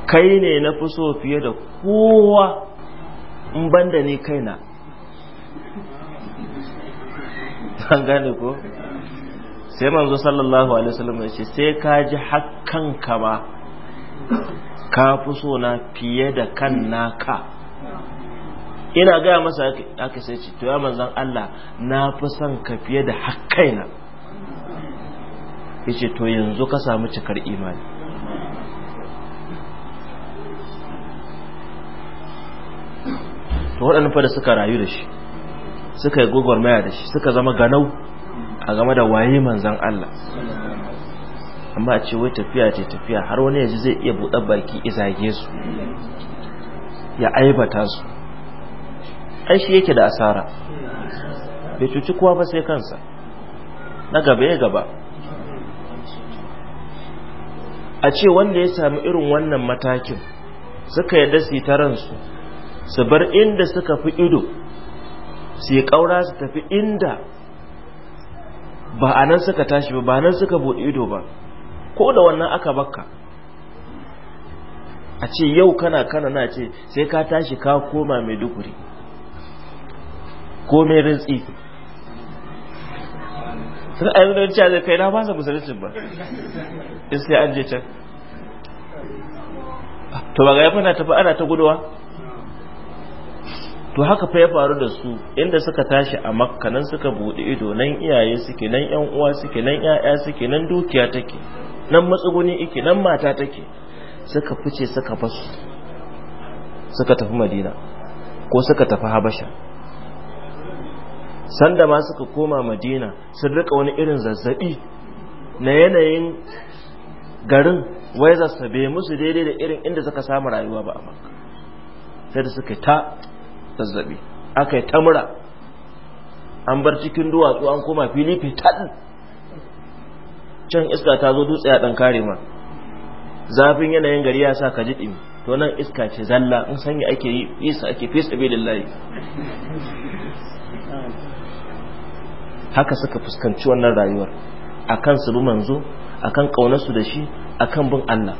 kai ne na fi so fiye da kowa in banda ni kaina an gane ko sai manzo sallallahu alaihi wasallam ya ce sai ka ji hakkan ka ba ka fi so na fiye da kan naka ina gaya masa aka sai ce to ya manzan Allah na fi son ka fiye da hakkaina ya ce to yanzu ka samu cikar imani to waɗannan fa da suka rayu da shi suka yi gwagwarmaya da shi suka zama ganau a game da waye manzan Allah amma a ce wai tafiya ce tafiya har wani yaji zai iya buɗe baki izage su ya aibata su ai shi yake da asara bai cuci kowa ba sai kansa na gaba ya gaba a ce wanda ya sami irin wannan matakin suka yi su ta ransu su bar inda suka fi ido su yi ƙaura su tafi inda ba a nan suka tashi ba ba nan suka buɗe ido ba ko da wannan aka bakka a ce yau kana kana na ce sai ka tashi ka koma mai dukuri ko mai rintsi sun ayi wani cewa zai kai na ba sa musulunci ba in sai an je can to ba ga ya fana tafi ana ta guduwa to haka fa ya faru da su inda suka tashi a makka nan suka bude ido nan iyaye suke nan yan uwa suke nan yaya suke nan dukiya take nan matsuguni ike nan mata take suka fice suka fasu suka tafi madina ko suka tafi habasha sanda ma suka koma madina sun rika wani irin zazzabi na yanayin garin wai be musu daidai da irin inda suka samu rayuwa ba a makka sai da suka ta zazzabi aka yi tamura an bar cikin duwatsu an koma fili fitan can iska ta zo dutse a ɗan kare ma zafin yanayin gari ya sa ka ji ɗimi to nan iska ce zalla in sanya ake yi isa ake fesa haka suka fuskanci wannan rayuwar akan su bi manzo akan kaunarsu da shi akan bin Allah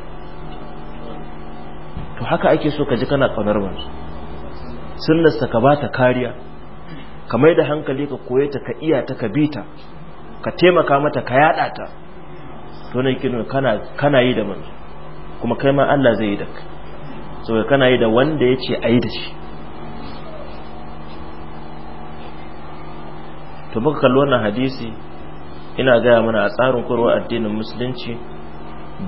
to haka ake so ka ji kana kaunar manzo sunnarsa ka ba ta kariya ka mai da hankali ka koye ka iya ta ka bi ta ka taimaka mata ka yada ta to ne kinu kana kana yi da manzo kuma kai ma Allah zai yi da kai saboda kana yi da wanda yace ayi da shi to muka kalli wannan hadisi ina gaya mana a tsarin kurwa addinin musulunci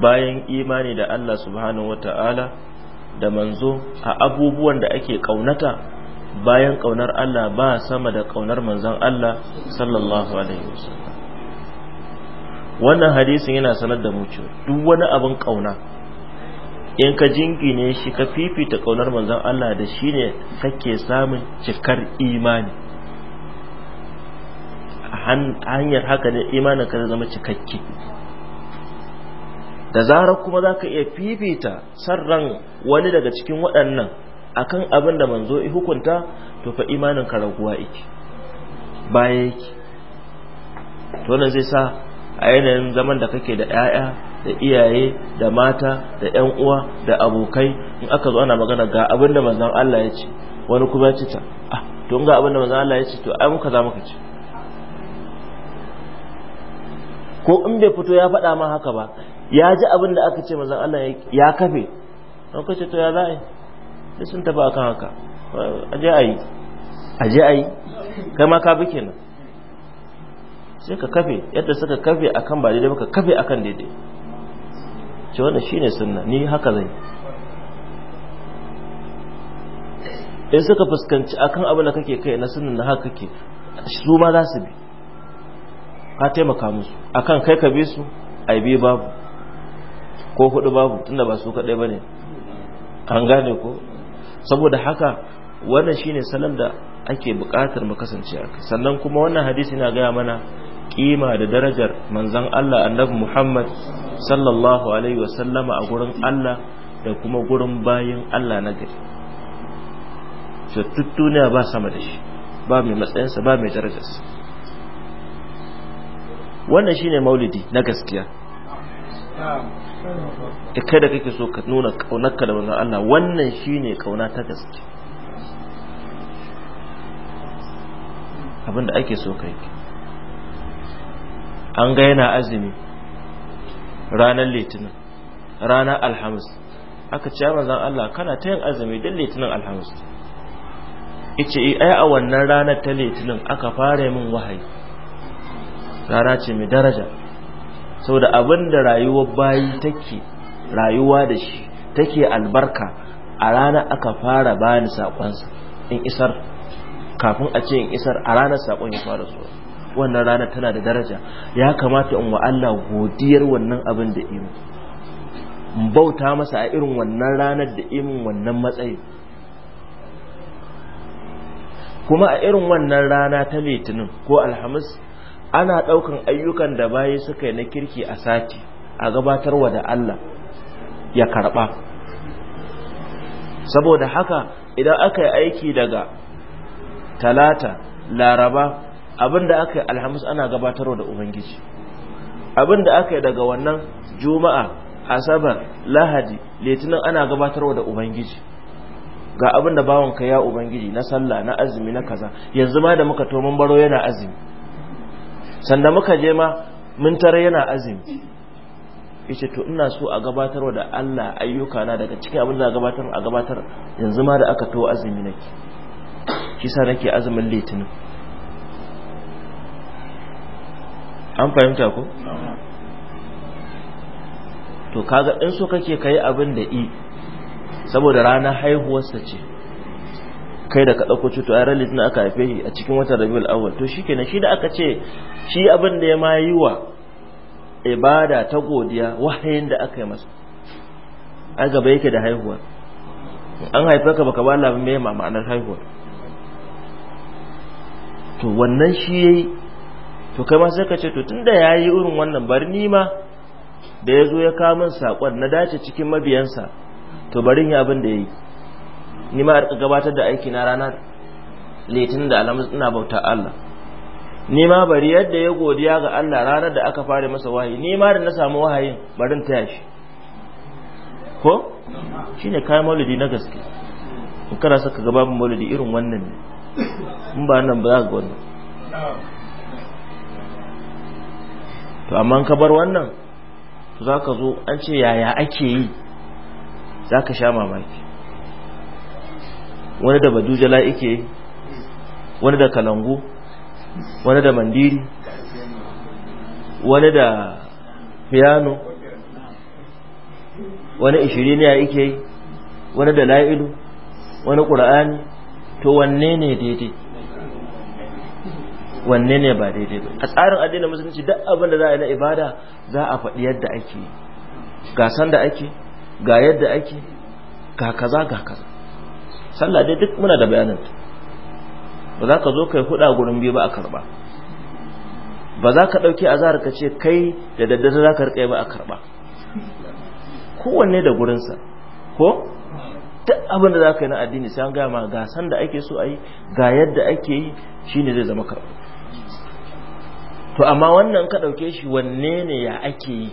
bayan imani da Allah subhanahu wata'ala da manzo a abubuwan da ake kaunata bayan kaunar Allah ba sama da kaunar manzon Allah sallallahu alaihi wasallam wannan hadisin yana sanar da mu duk wani abin kauna in ka jingine shi ka fifita kaunar manzon Allah da shine kake samun cikar imani hanyar haka ne imanin ka zama cikakke da zarar kuma za ka iya fifita san ran wani daga cikin waɗannan akan abin da manzo i hukunta to fa imanin ka raguwa yake baya yake to wannan zai sa a yanayin zaman da kake da 'ya'ya da iyaye da mata da 'yan uwa da abokai in aka zo ana magana ga abin da manzon Allah ya ce wani kuma ya ce ta ah to ga abin da manzon Allah ya ce to ai muka za muka ce ko in bai fito ya faɗa ma haka ba ya ji abin da aka ce mazan Allah ya kafe an kace to ya za a yi sun tafi akan haka aje a yi aje a yi kai ma ka bi kenan sai ka kafe yadda suka kafe akan ba daidai ba ka kafe akan daidai ce shi ne sunna ni haka zai in suka fuskanci akan abin da kake kai na sunan na haka kake su ma za su bi ka taimaka musu akan kai ka bi su a bi babu ko hudu babu tunda ba su kadai bane an gane ko saboda haka wannan shine salon da ake bukatar mu kasance a kai sannan kuma wannan hadisi na gaya mana kima da darajar manzon Allah annabi Muhammad sallallahu alaihi wasallama a gurin Allah da kuma gurin bayin Allah na gari shi tuttuniya ba sama da shi ba mai matsayinsa ba mai darajarsa wannan shine maulidi na gaskiya eh, kada kake so ka nuna kaunarka da manzon Allah wannan shine kauna ta gaske abinda ake so kai an ga yana azumi ranar litinin ranar alhamis aka ce manzon Allah kana ta yin azumi din litinin alhamis yace eh, ai a wannan ranar ta litinin aka fara min wahayi rana ce mai daraja saboda abin da rayuwar bayi take rayuwa da shi take albarka a rana aka fara bani saƙonsa in isar kafin a ce in isar a rana sakon ya fara su wannan rana tana da daraja ya kamata in wa Allah godiyar wannan abin da imu in bauta masa a irin wannan ranar da imin wannan matsayi kuma a irin wannan rana ta litinin ko alhamis ana ɗaukan ayyukan da bayi suka yi na kirki a sati a gabatarwa da Allah ya karɓa saboda haka idan aka yi aiki daga talata laraba abinda aka yi alhamis ana gabatarwa da ubangiji abinda aka yi daga wannan juma'a asabar lahadi litinin ana gabatarwa da ubangiji ga abinda ka ya ubangiji na sallah na azumi na kaza yanzu ma da muka to mun baro yana azumi sanda muka je ma mun tare yana azumi yace to ina so a gabatarwa da Allah ayyuka na daga cikin abin da gabatar a gabatar yanzu ma da aka to azumi nake shi sa nake azumin litinin an fahimta ko to kaga in so kake kai abin da i saboda ranar haihuwarsa ce kai da ka ɗauko cuto a ranar na aka haife shi a cikin watan rabiul awwal to shi kenan shi da aka ce shi abin da ya ma yi wa ibada ta godiya wahayin da aka yi masa a gaba yake da haihuwa an haife ka baka ba labin mai ma'anar haihuwa to wannan shi yayi to kai ma sai ka ce to tunda yayi irin wannan bari ni ma da yazo ya kama min sakon na dace cikin mabiyansa to barin ya abin da yayi ni ma rika gabatar da aiki na ranar litinin da Alhamis ina bauta Allah ni ma bari yadda ya godiya ga Allah ranar da aka fara masa wahayi ni ma da na samu wahayin bari taya shi ko shine kayan maulidi na gaske in kana saka gababin maulidi irin wannan ne in ba nan ba za ga wannan to amma ka bar wannan to za ka zo an ce yaya ake yi za ka sha mamaki wani da badujala yake wani da kalangu wani da mandiri wani da piano wani ishiriniya yake yi wani da la'ilu wani ƙura'ani to wanne ne daidai wanne ne ba daidai ba a tsarin addinin musulunci duk abin da za a yi na ibada za a faɗi yadda ake ga san da ake ga yadda ake ga kaza ga kaza sallah dai duk muna da bayanin ta ba za ka zo kai huda gurin biyu ba a karba ba za ka dauki azhar ka ce kai da daddare za ka rika ba a karba kowanne da gurinsa ko duk abin da za ka yi na addini sai an gama ga san da ake so a yi ga yadda ake yi shine zai zama karba to amma wannan ka ɗauke shi wanne ne ya ake yi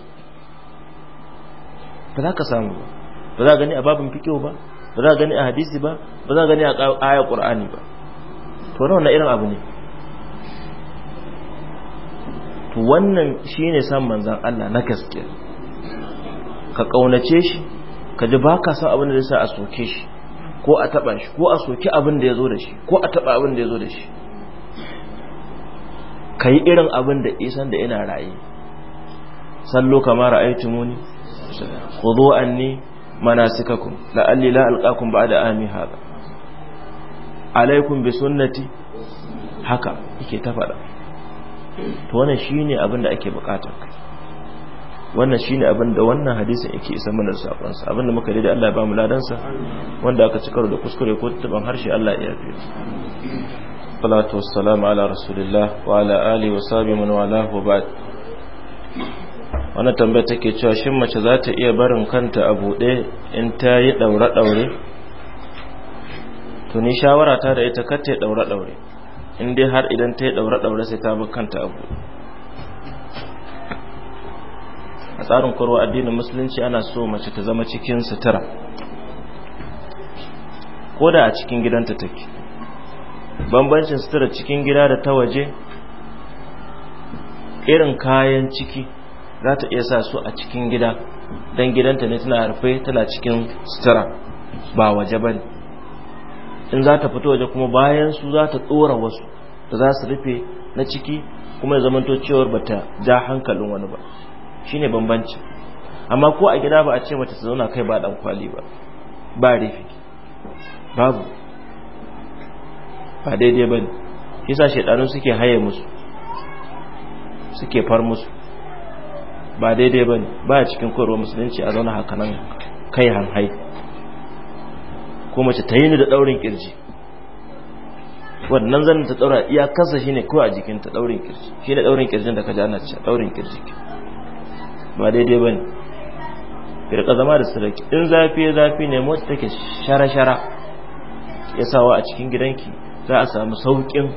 ba za ka samu ba za ka gani a babin fikiyo ba ba za gani a hadisi ba ba za gani a ayar qur'ani ba to wannan irin abu ne to wannan shine san manzan Allah na gaskiya ka kaunace shi ka ji baka san abin da zai sa a soke shi ko a taba shi ko a soki abin da yazo da shi ko a taba abin da yazo da shi kai irin abin da isan da ina raye sallo kama ra'aytumuni khudu anni manasikakum alli la alqakum ba'da ami hada alaikum bi sunnati haka yake ta faɗa to wannan shine abin da ake bukata wannan shine abin da wannan hadisin yake isa mana sakon sa abin da muka da Allah ya ba mu ladan sa wanda aka cikar da kuskure ko taban harshe Allah ya yafe salatu wassalamu ala rasulillah wa ala alihi wa sahbihi man walahu wa wani tambaya take cewa shin mace za ta iya barin kanta a buɗe in ta yi ɗaure-ɗaure tuni shawara ta da ita kar ta yi ɗaure-ɗaure in har idan ta yi ɗaure-ɗaure sai ta bar kanta a buɗe a tsarin korwa addinin musulunci ana so mace ta zama cikin sutura ko da a cikin gidanta take bambancin sutura cikin gida da ta waje irin kayan ciki za ta iya sa su a cikin gida don gidanta ne tana rufe tana cikin sutura ba waje ba in za ta fito waje kuma bayan su za ta tsora wasu da za su rufe na ciki kuma ya zamanto cewar ba ta ja hankalin wani ba shine bambanci amma ko a gida ba a ce mata ta zauna kai ba dan kwali ba ba rufi babu ba daidai ba ne yasa shaidanu suke haye musu suke far musu ba daidai ba ne ba cikin koyarwar musulunci a zauna haka nan kai hanhai ko mace ta yi ni da ɗaurin ƙirji wannan zanen ta ɗaura iya kasa shi ne ko a jikin ta ɗaurin ƙirji shi ne ɗaurin ƙirjin da ka ji ana cewa ɗaurin ƙirji ba daidai ba ne firka zama da sarki in zafi ya zafi ne mota take shara-shara ya sawa a cikin gidanki za a samu sauƙin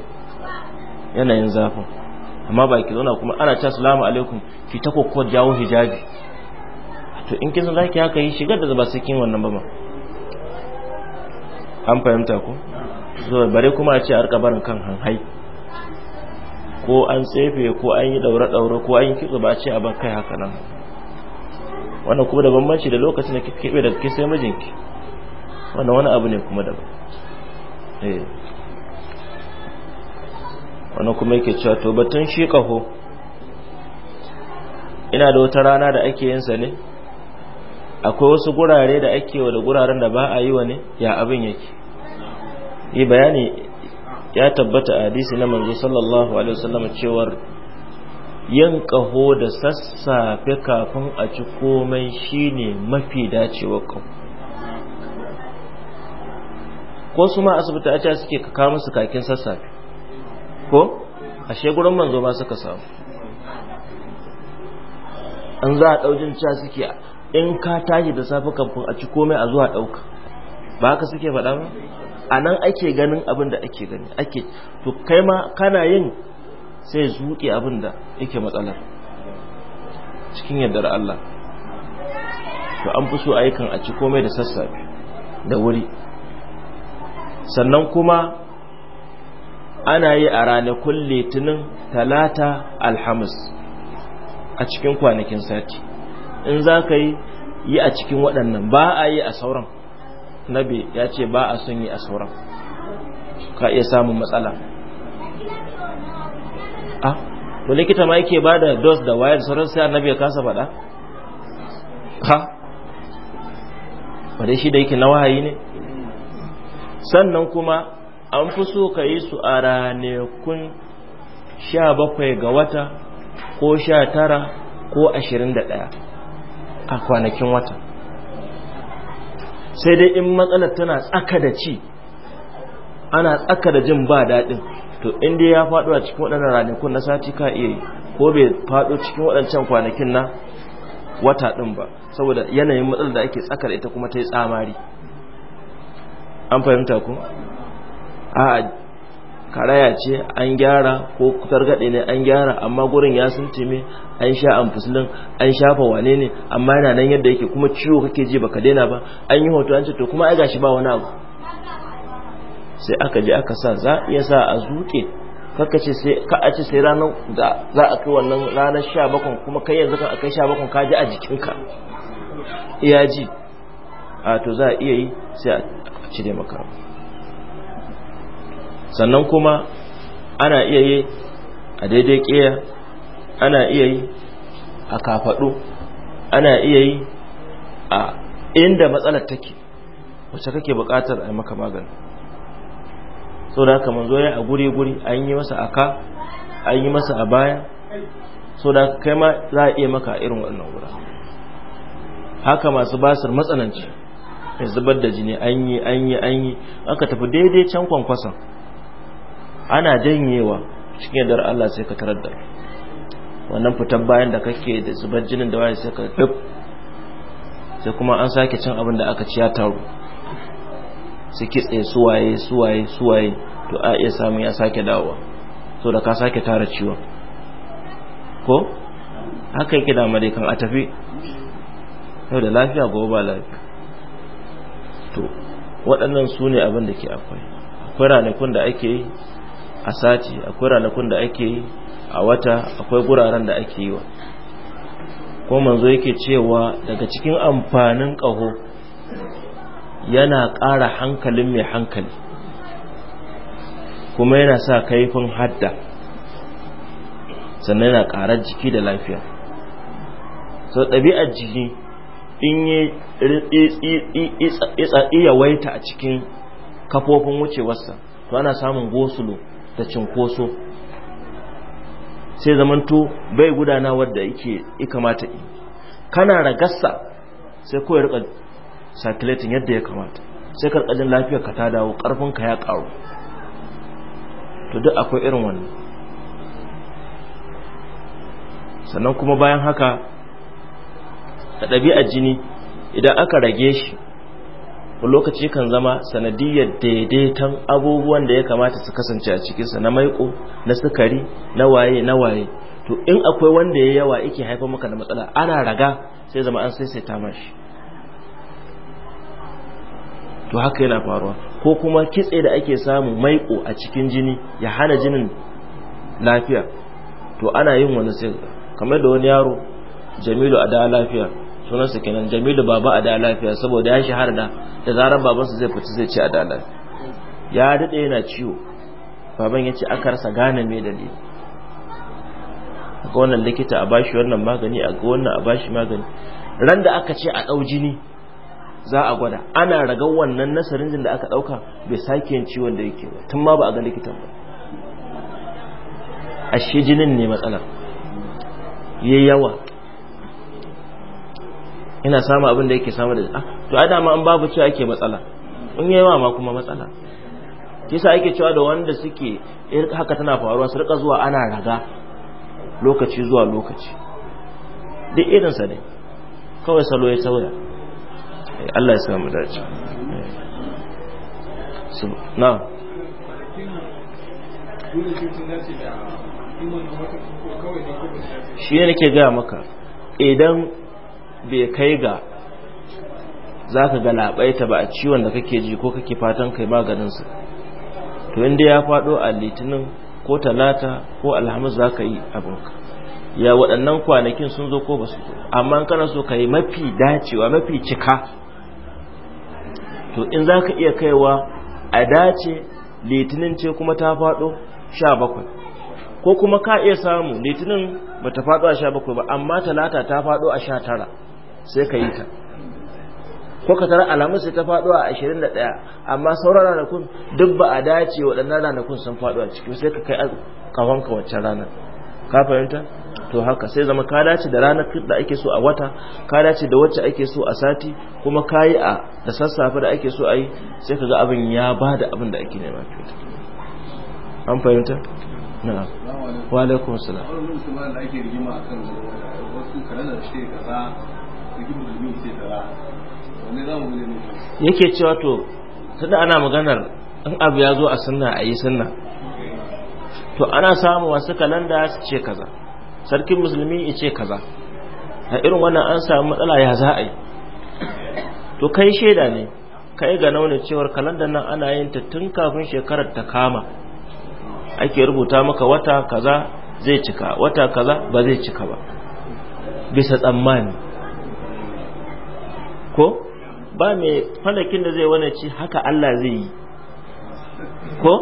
yanayin zafin amma ba ki zauna kuma ana ta salamu alaikum ki ta kokkowar jawo hijabi to in kin zaki haka yi shigar da ba sakin wannan ba ma an fahimta ku so bare kuma a ce a rika barin kan hanhai ko an tsefe ko an yi daura daura ko an yi kitso ba a ce a ban kai haka nan wannan kuma da bambanci da lokacin da kike kebe da kike sai mijinki wannan wani abu ne kuma daban eh wani kuma yake cewa to batun shi kaho ina da wata rana da ake yin sa ne akwai wasu gurare da ake wa da guraren da ba a yi wa ne ya abin yake yi bayani ya tabbata a hadisi na manzo sallallahu alaihi wasallam cewar yin ƙaho da sassafe kafin a ci komai shine mafi dacewa ko. ko su ma asibiti a ce suke ka kawo musu kakin sassafe ko ashe gurin manzo ba suka samu an za a ɗaujin ca suke in ka tashi da safe kafin a ci komai a zuwa ɗauka ba ka suke faɗa ba a nan ake ganin abin da ake gani ake to kai ma kana yin sai zuƙe abin da yake matsalar cikin yardar Allah to an fi so ayyukan a ci komai da sassafe da wuri sannan kuma ana yi a ranakun litinin talata alhamis a cikin kwanakin sati in za ka yi yi a cikin waɗannan ba a yi a sauran nabi ya ce ba a son yi a sauran ka iya samun matsala a to likita ma yake ba da dos da wayar sauran sai annabi ya kasa faɗa ha ba dai shi da yake na wahayi ne sannan kuma an fi so ka yi su a ranakun sha bakwai ga wata ko sha tara ko ashirin da ɗaya a kwanakin wata sai dai in matsalar tana tsaka da ci ana tsaka da jin ba daɗin to inda ya faɗo a cikin waɗannan ranakun na sati ka iya yi ko bai faɗo cikin waɗancan kwanakin na wata ɗin ba saboda yanayin matsalar da ake tsakar ita kuma ta yi tsamari an fahimta ku a karaya ce an gyara ko targaɗe ne an gyara amma gurin ya teme an sha fusilin an shafa wane ne amma yana nan yadda yake kuma ciwo kake ji baka daina ba an yi hoto an ce to kuma ai gashi ba wani abu sai aka je aka sa za iya sa a zuke kaka ce sai ka a ce sai ranar da za a kai wannan ranar 17 kuma kai yanzu kan akai 17 bakon ji a jikinka iya ji a to za a iya yi sai a cire maka sannan kuma ana iya yi a daidai ƙiya ana iya yi a kafaɗo ana iya yi a inda matsalar take wacce kake buƙatar a maka magani so da kamar zo ya a guri-guri an yi masa aka an yi masa a baya so da kai ma za a iya maka irin wannan wura haka masu basar matsananci mai zubar da jini an yi an yi an yi aka tafi daidai can kwankwason ana janyewa cikin yadda Allah sai ka tarar da wannan fitar bayan da kake da zubar jinin da waye sai ka duk sai kuma an sake cin abin da aka ci ya taru sai kitse suwaye suwaye suwaye to a iya samu ya sake dawowa so da ka sake tara ciwon ko haka yake da mare kan a tafi yau da lafiya gobe ba lafiya to waɗannan su ne abin da ke akwai akwai ranakun da ake yi a sati akwai ranakun da ake yi a wata akwai guraren da ake yi wa ko manzo yake cewa daga cikin amfanin ƙaho yana ƙara hankalin mai hankali kuma yana sa kaifin hadda sannan yana ƙarar jiki da lafiya sau ɗabi'ar jiki in yi tsa'iya waita a cikin kafofin wucewarsa to ana samun gosulo da cinkoso sai zamanto bai gudana wadda yake ikamata yi kana ragassa sai kawai rika yadda ya kamata sai karkajin lafiyar ka ta dawo karfinka ya karu to duk akwai irin wannan sannan kuma bayan haka da ɗabi'ar jini idan aka rage shi lokaci kan zama sanadiyar daidaitan abubuwan da ya kamata su kasance a cikinsa na maiko na sukari na waye na waye to in akwai wanda ya yawa yake haifar maka da matsala ana raga sai zama an saisaita mashi to haka yana faruwa ko kuma kitse da ake samu maiko a cikin jini ya hana jinin lafiya to ana yin wani sai kamar da wani yaro jamilu a da lafiya sunansa kenan jamilu baba a da lafiya saboda ya shahara da da zarar babansa zai fita zai ce a da lafiya ya daɗe yana ciwo baban ya ce aka rasa gane mai dalili a ga wannan likita a bashi wannan magani a ga wannan a bashi magani ran da aka ce a ɗau jini za a gwada ana raga wannan nasarin jin da aka ɗauka bai sake yin ciwon da yake ba tun ma ba a ga likitan ba ashe jinin ne matsala. yayi yawa Ina samun abin da yake samu da ah, to a dama an babu cewa ake matsala in yayi wa ma kuma matsala shi yasa ake cewa da wanda suke haka tana faruwa su rika zuwa ana raga lokaci zuwa lokaci duk irin sa ne kawai salo ya sauya Allah ya samu dace na shi ne nake gaya maka idan bai kai ga za ka galabaita ba a ciwon da kake ji ko kake fatan kai maganinsa to inda ya faɗo a litinin ko talata ko alhamis za ka yi abinka ya waɗannan kwanakin sun zo ko ba su zo amma kana so ka yi mafi dacewa mafi cika to in za ka iya kaiwa a dace litinin ce kuma ta faɗo sha bakwai ko kuma ka iya samu litinin ba ta faɗo a sha bakwai ba amma talata ta faɗo a sha tara sai ka yi ta ko ka tara alamun sai ta faɗo a 21 amma sauran ranakun duk ba a dace waɗannan ranakun sun faɗo a ciki sai ka kai kawanka waccan ranar ka fahimta to haka sai zama ka dace da ranar da ake so a wata ka dace da wacce ake so a sati kuma ka yi a da sassafe da ake so a yi sai ka ga abin ya ba da abin da ake nema an fahimta na wa alaikum salam wasu kanan da yake cewa to tunda ana maganar in abu ya zo a sunna a yi sunna to ana samu wasu kalanda su ce kaza sarkin musulmi ya ce kaza a irin wannan an samu matsala ya za a yi to kai shaida ne kai ga nauna cewar kalandar nan ana yin ta tun kafin shekarar ta kama ake rubuta maka wata kaza zai cika wata kaza ba zai cika ba bisa tsammani ko ba mai falakin da zai wani ci haka Allah zai yi ko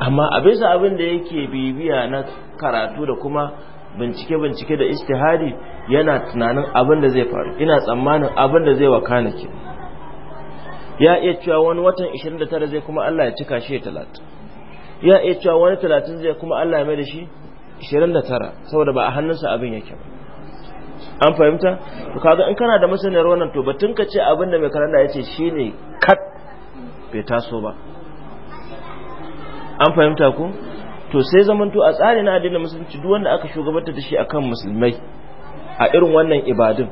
amma a sa abin da yake bibiya na karatu da kuma bincike-bincike da istihari yana tunanin abin da zai faru ina tsammanin abin da zai wakana ke ya iya cewa wani watan 29 zai kuma Allah ya cika shi 30 ya iya cewa wani 30 zai kuma Allah ya mai da shi 29 saboda ba a hannunsa abin yake ba an fahimta to kaga in kana da masaniyar wannan to batun ka ce abin da mai karanta ya ce shine kat bai taso ba an fahimta ko to sai zamanto a tsari na addinin musulunci duk wanda aka shugabanta da shi akan musulmai a irin wannan ibadun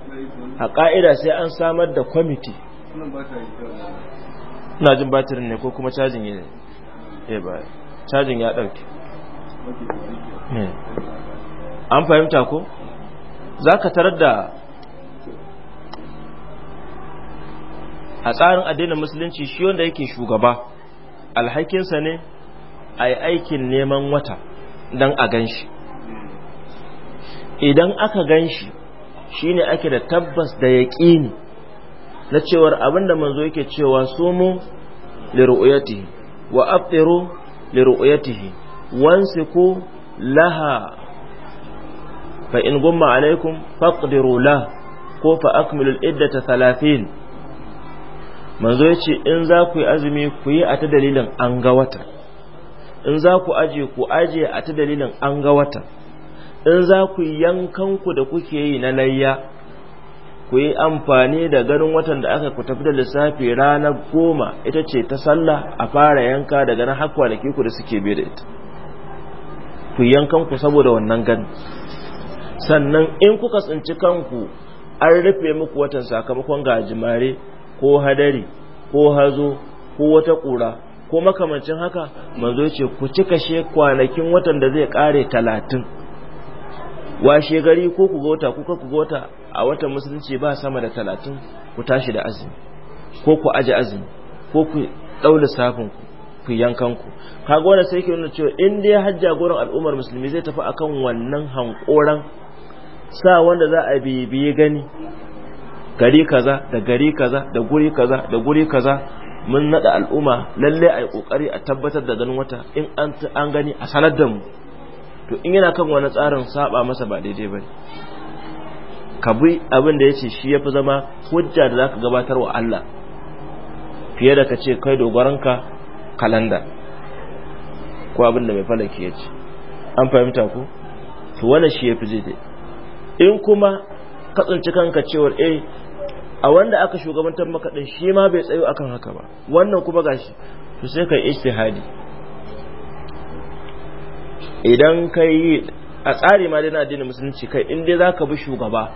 a ka'ida sai an samar da kwamiti ina jin batirin ne ko kuma cajin ya ne ba cajin ya ɗauke an fahimta ko za ka tarar da a tsarin addinin musulunci shi wanda yake shugaba alhakinsa ne a yi aikin neman wata don a gan shi idan aka gan shi shi ne ake da tabbas da yaƙini na cewar abinda manzo yake cewa somo liru'uyatihi wa liru'uyatihi wansu ko laha fa in gumma alaikum faqdiru la ko fa akmilu iddata 30 manzo yace in za ku yi azumi ku yi a ta dalilin an ga wata in za ku aje ku aje a ta dalilin an ga wata in za ku yankan ku da kuke yi na layya ku yi amfani da ganin watan da aka ku tafi da lissafi ranar goma ita ce ta sallah a fara yanka daga nan da ke ku da suke bi da ita ku yankan ku saboda wannan ganin. sannan in kuka tsinci kanku an rufe muku watan sakamakon gajimare ko hadari ko hazo ko wata ƙura ko makamancin haka manzo ce ku cika she kwanakin watan da zai kare talatin washe gari ko ku gota ko ku gota a watan musulunci ba sama da talatin ku tashi da azumi ko ku aji azumi ko ku ɗau safin ku ku yankan ku kaga wannan sai ke nuna cewa in dai hajja gurin al'ummar musulmi zai tafi akan wannan hankoran sa wanda za a bibiye gani gari kaza da gari kaza da guri kaza da guri kaza mun nada al'umma lalle a yi kokari a tabbatar da ganin wata in an gani a sanar da mu to in yana kan wani tsarin saba masa ba daidai bane ka bi abin da yace shi yafi zama hujja da zaka gabatar wa Allah fiye da kace kai dogaranka kalanda ko abin da mai falaki yace an fahimta ko to wannan shi yafi daidai in kuma ka tsinci kanka cewar eh a wanda aka shugabantar maka din shi ma bai tsayo akan haka ba wannan kuma gashi to sai kai ijtihadi idan kai a tsari ma dai na addinin musulunci kai in dai zaka bi shugaba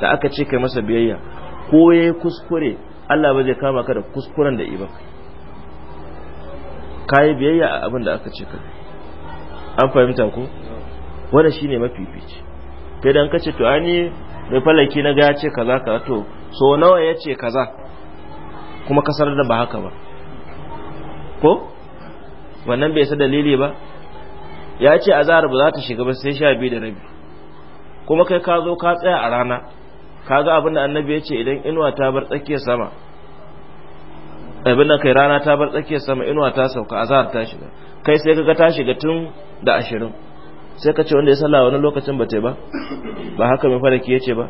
da aka ce kai masa biyayya ko yayi kuskure Allah ba zai kama ka da kuskuren da iba yi biyayya a abin da aka ce kai an fahimta ko wanda shine mafifici kai dan kace to ani mai falaki na ga ya ce kaza ka to so nawa ya ce kaza kuma kasar da ba haka ba ko wannan bai sa dalili ba ya ce a zahar ba za ta shiga ba sai sha biyu da rabi kuma kai ka zo ka tsaya a rana kaga abin da annabi ya ce idan inuwa ta bar tsakiyar sama abin da kai rana ta bar tsakiyar sama inuwa ta sauka a zahar ta shiga kai sai ka ga ta shiga tun da ashirin sai ka ce wanda ya sallah wani lokacin ba ce ba ba haka mai faraki ya ce ba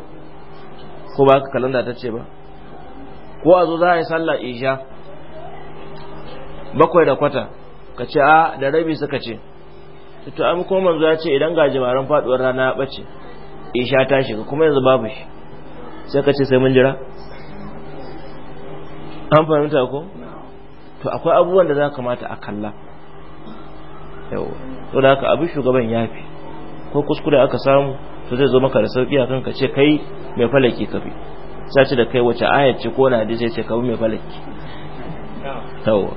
ko ba haka kalanda ta ce ba ko a zo za a yi sallah isha bakwai da kwata ka ce a da rabi suka ce to an kuma manzo ya ce idan gaji jimaran faduwar rana ya bace isha ta shiga kuma yanzu babu shi sai ka ce sai mun jira an fahimta ko to akwai abubuwan da za kamata a kalla yawa saboda da haka abin shugaban ya fi ko kuskure aka samu to zai zo maka da sauki a kanka ce kai mai falaki ka fi sai da kai wace ayar ce ko na zai ce kawai mai falaki tawo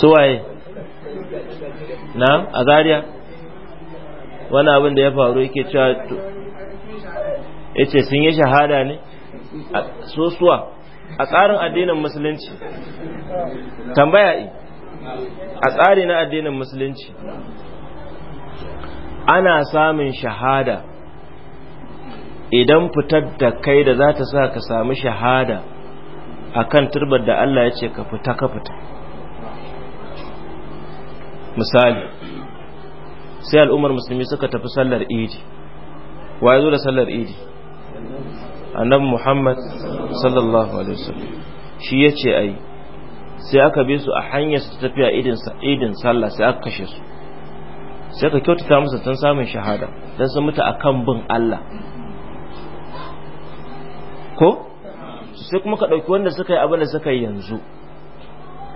suwaye na a zariya wani abin da ya faru yake cewa ya sun yi shahada ne sosuwa a tsarin addinin musulunci tambaya a tsari na addinin musulunci ana samun shahada idan fitar da kai da za ta sa ka sami shahada kan turbar da Allah ya ce ka fita ka fita misali sai al'ummar musulmi suka tafi sallar idi wa ya zo da sallar idi annabi muhammad sallallahu alaihi wasallam shi ya ce ai sai aka bi su a hanyar su tafiya idin sallah sai aka kashe su sai ka kyautata musu tun samun shahada don sun mutu akan bin Allah ko sai kuma ka ɗauki wanda suka yi abin da suka yi yanzu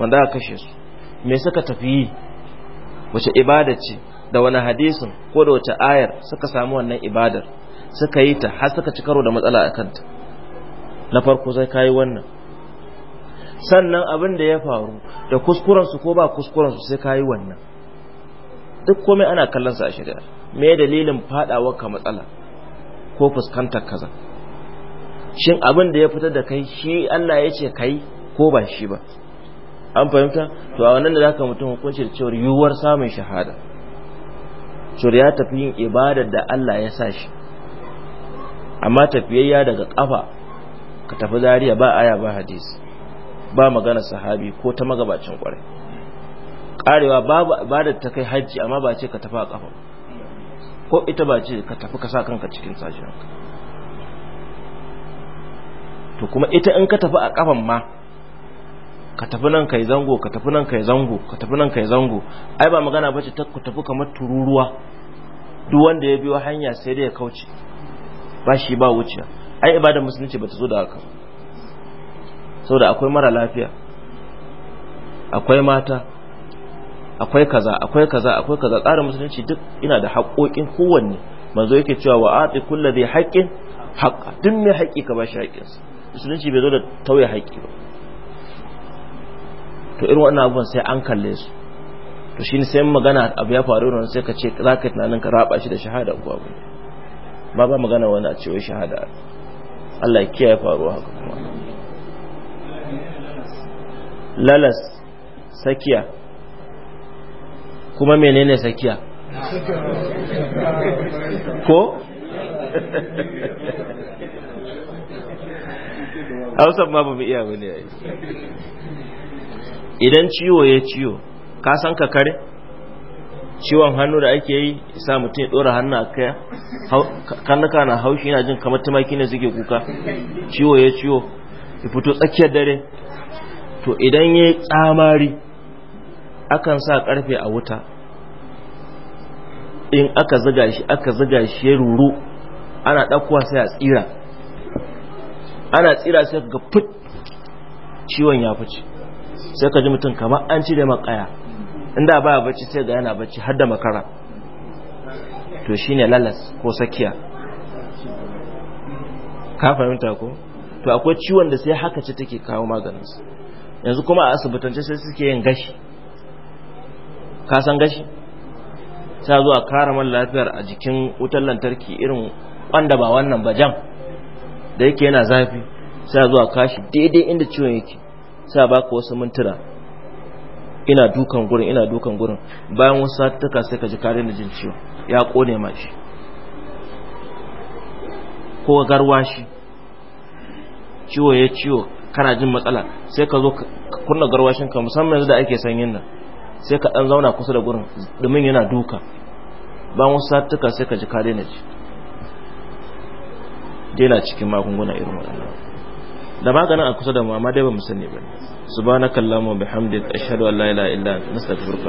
wanda aka kashe su me suka tafi yi wace ibada ce da wani hadisin ko da wace ayar suka samu wannan ibadar suka yi ta har suka ci karo da matsala a kanta na farko sai kayi wannan sannan abin da ya faru da kuskurensu ko ba kuskurensu sai kayi wannan duk komai ana kallon sa a shari'a me dalilin fadawar ka matsala ko fuskantar kaza shin abin da ya fitar da kai shi Allah ya ce kai ko ba shi ba an fahimta to a wannan da zaka mutum hukunci da cewar yuwar samun shahada cewar ya tafi yin ibadar da Allah ya sa shi amma tafiyayya daga kafa ka tafi zariya ba aya ba hadisi ba magana sahabi ko ta magabacin kwarai karewa ba da ta kai hajji amma ba ce ka tafi a kafa ko ita ba ce ka tafi ka sa kanka cikin sashen to kuma ita in ka tafi a kafan ma ka tafi nan kai zango ka tafi nan kai zango ka tafi nan kai zango ai ba magana bace ta ku tafi kamar tururuwa duk wanda ya biyo hanya sai dai ya kauce ba shi ba wuciya ai ibadar musulunci bata zo da haka saboda akwai mara lafiya akwai mata akwai kaza akwai kaza akwai kaza tsarin musulunci duk ina da haƙoƙin kowanne manzo yake cewa wa ati kulli dhi haqqin haqqa duk mai haƙi ka bashi haƙinsa musulunci bai zo da tauye haƙi ba to irin wannan abubuwan sai an kalle su to shine sai magana abu ya faru ne sai ka ce zaka tunanin ka raba shi da shahada ko abu ma ba magana wani a cewa shahada Allah ya kiyaye faruwa haka kuma lalas sakiya kuma menene sakiya ko Hausa ma ba mu iya bane idan ciwo ya ciwo ka san ka kare ciwon hannu da ake yi sa mutum ya dora hannu a kaya karnuka na haushi yana jin kamar tumaki ne suke kuka ciwo ya ciwo ya fito tsakiyar dare to idan ya yi tsamari akan sa karfe a wuta in aka zaga shi aka zaga shi ya ruru ana ɗakuwa sai a tsira ana tsira sai ga fit ciwon ya fice sai ka ji mutum kamar an cire makaya inda ba bacci sai ga yana bacci har da makara to shine lalas ko sakiya ka fahimta ko to akwai ciwon da sai haka ce take kawo maganinsu yanzu kuma a asibitance sai suke yin gashi kasan san gashi ta zuwa kare man lafiyar a jikin wutar lantarki irin wanda ba wannan ba jam da yake yana zafi sai zuwa kashi daidai inda ciwon yake sai baka wasu mintuna ina dukan gurin ina dukan gurin bayan wasu satuka sai ka ji kare na jin ciwo ya kone ma shi ko garwa shi ciwo ya ciwo kana jin matsala sai ka zo kunna garwashin ka musamman yanzu da ake sanyin nan sai ka dan zauna kusa da gurin domin yana duka bayan wasu satuka sai ka ji kare na ji dela cikin magunguna irin waɗannan da maganin a kusa da mu amma dai ba mu sani ba subhanakallahumma bihamdika ashhadu an la ilaha illa anta astaghfiruka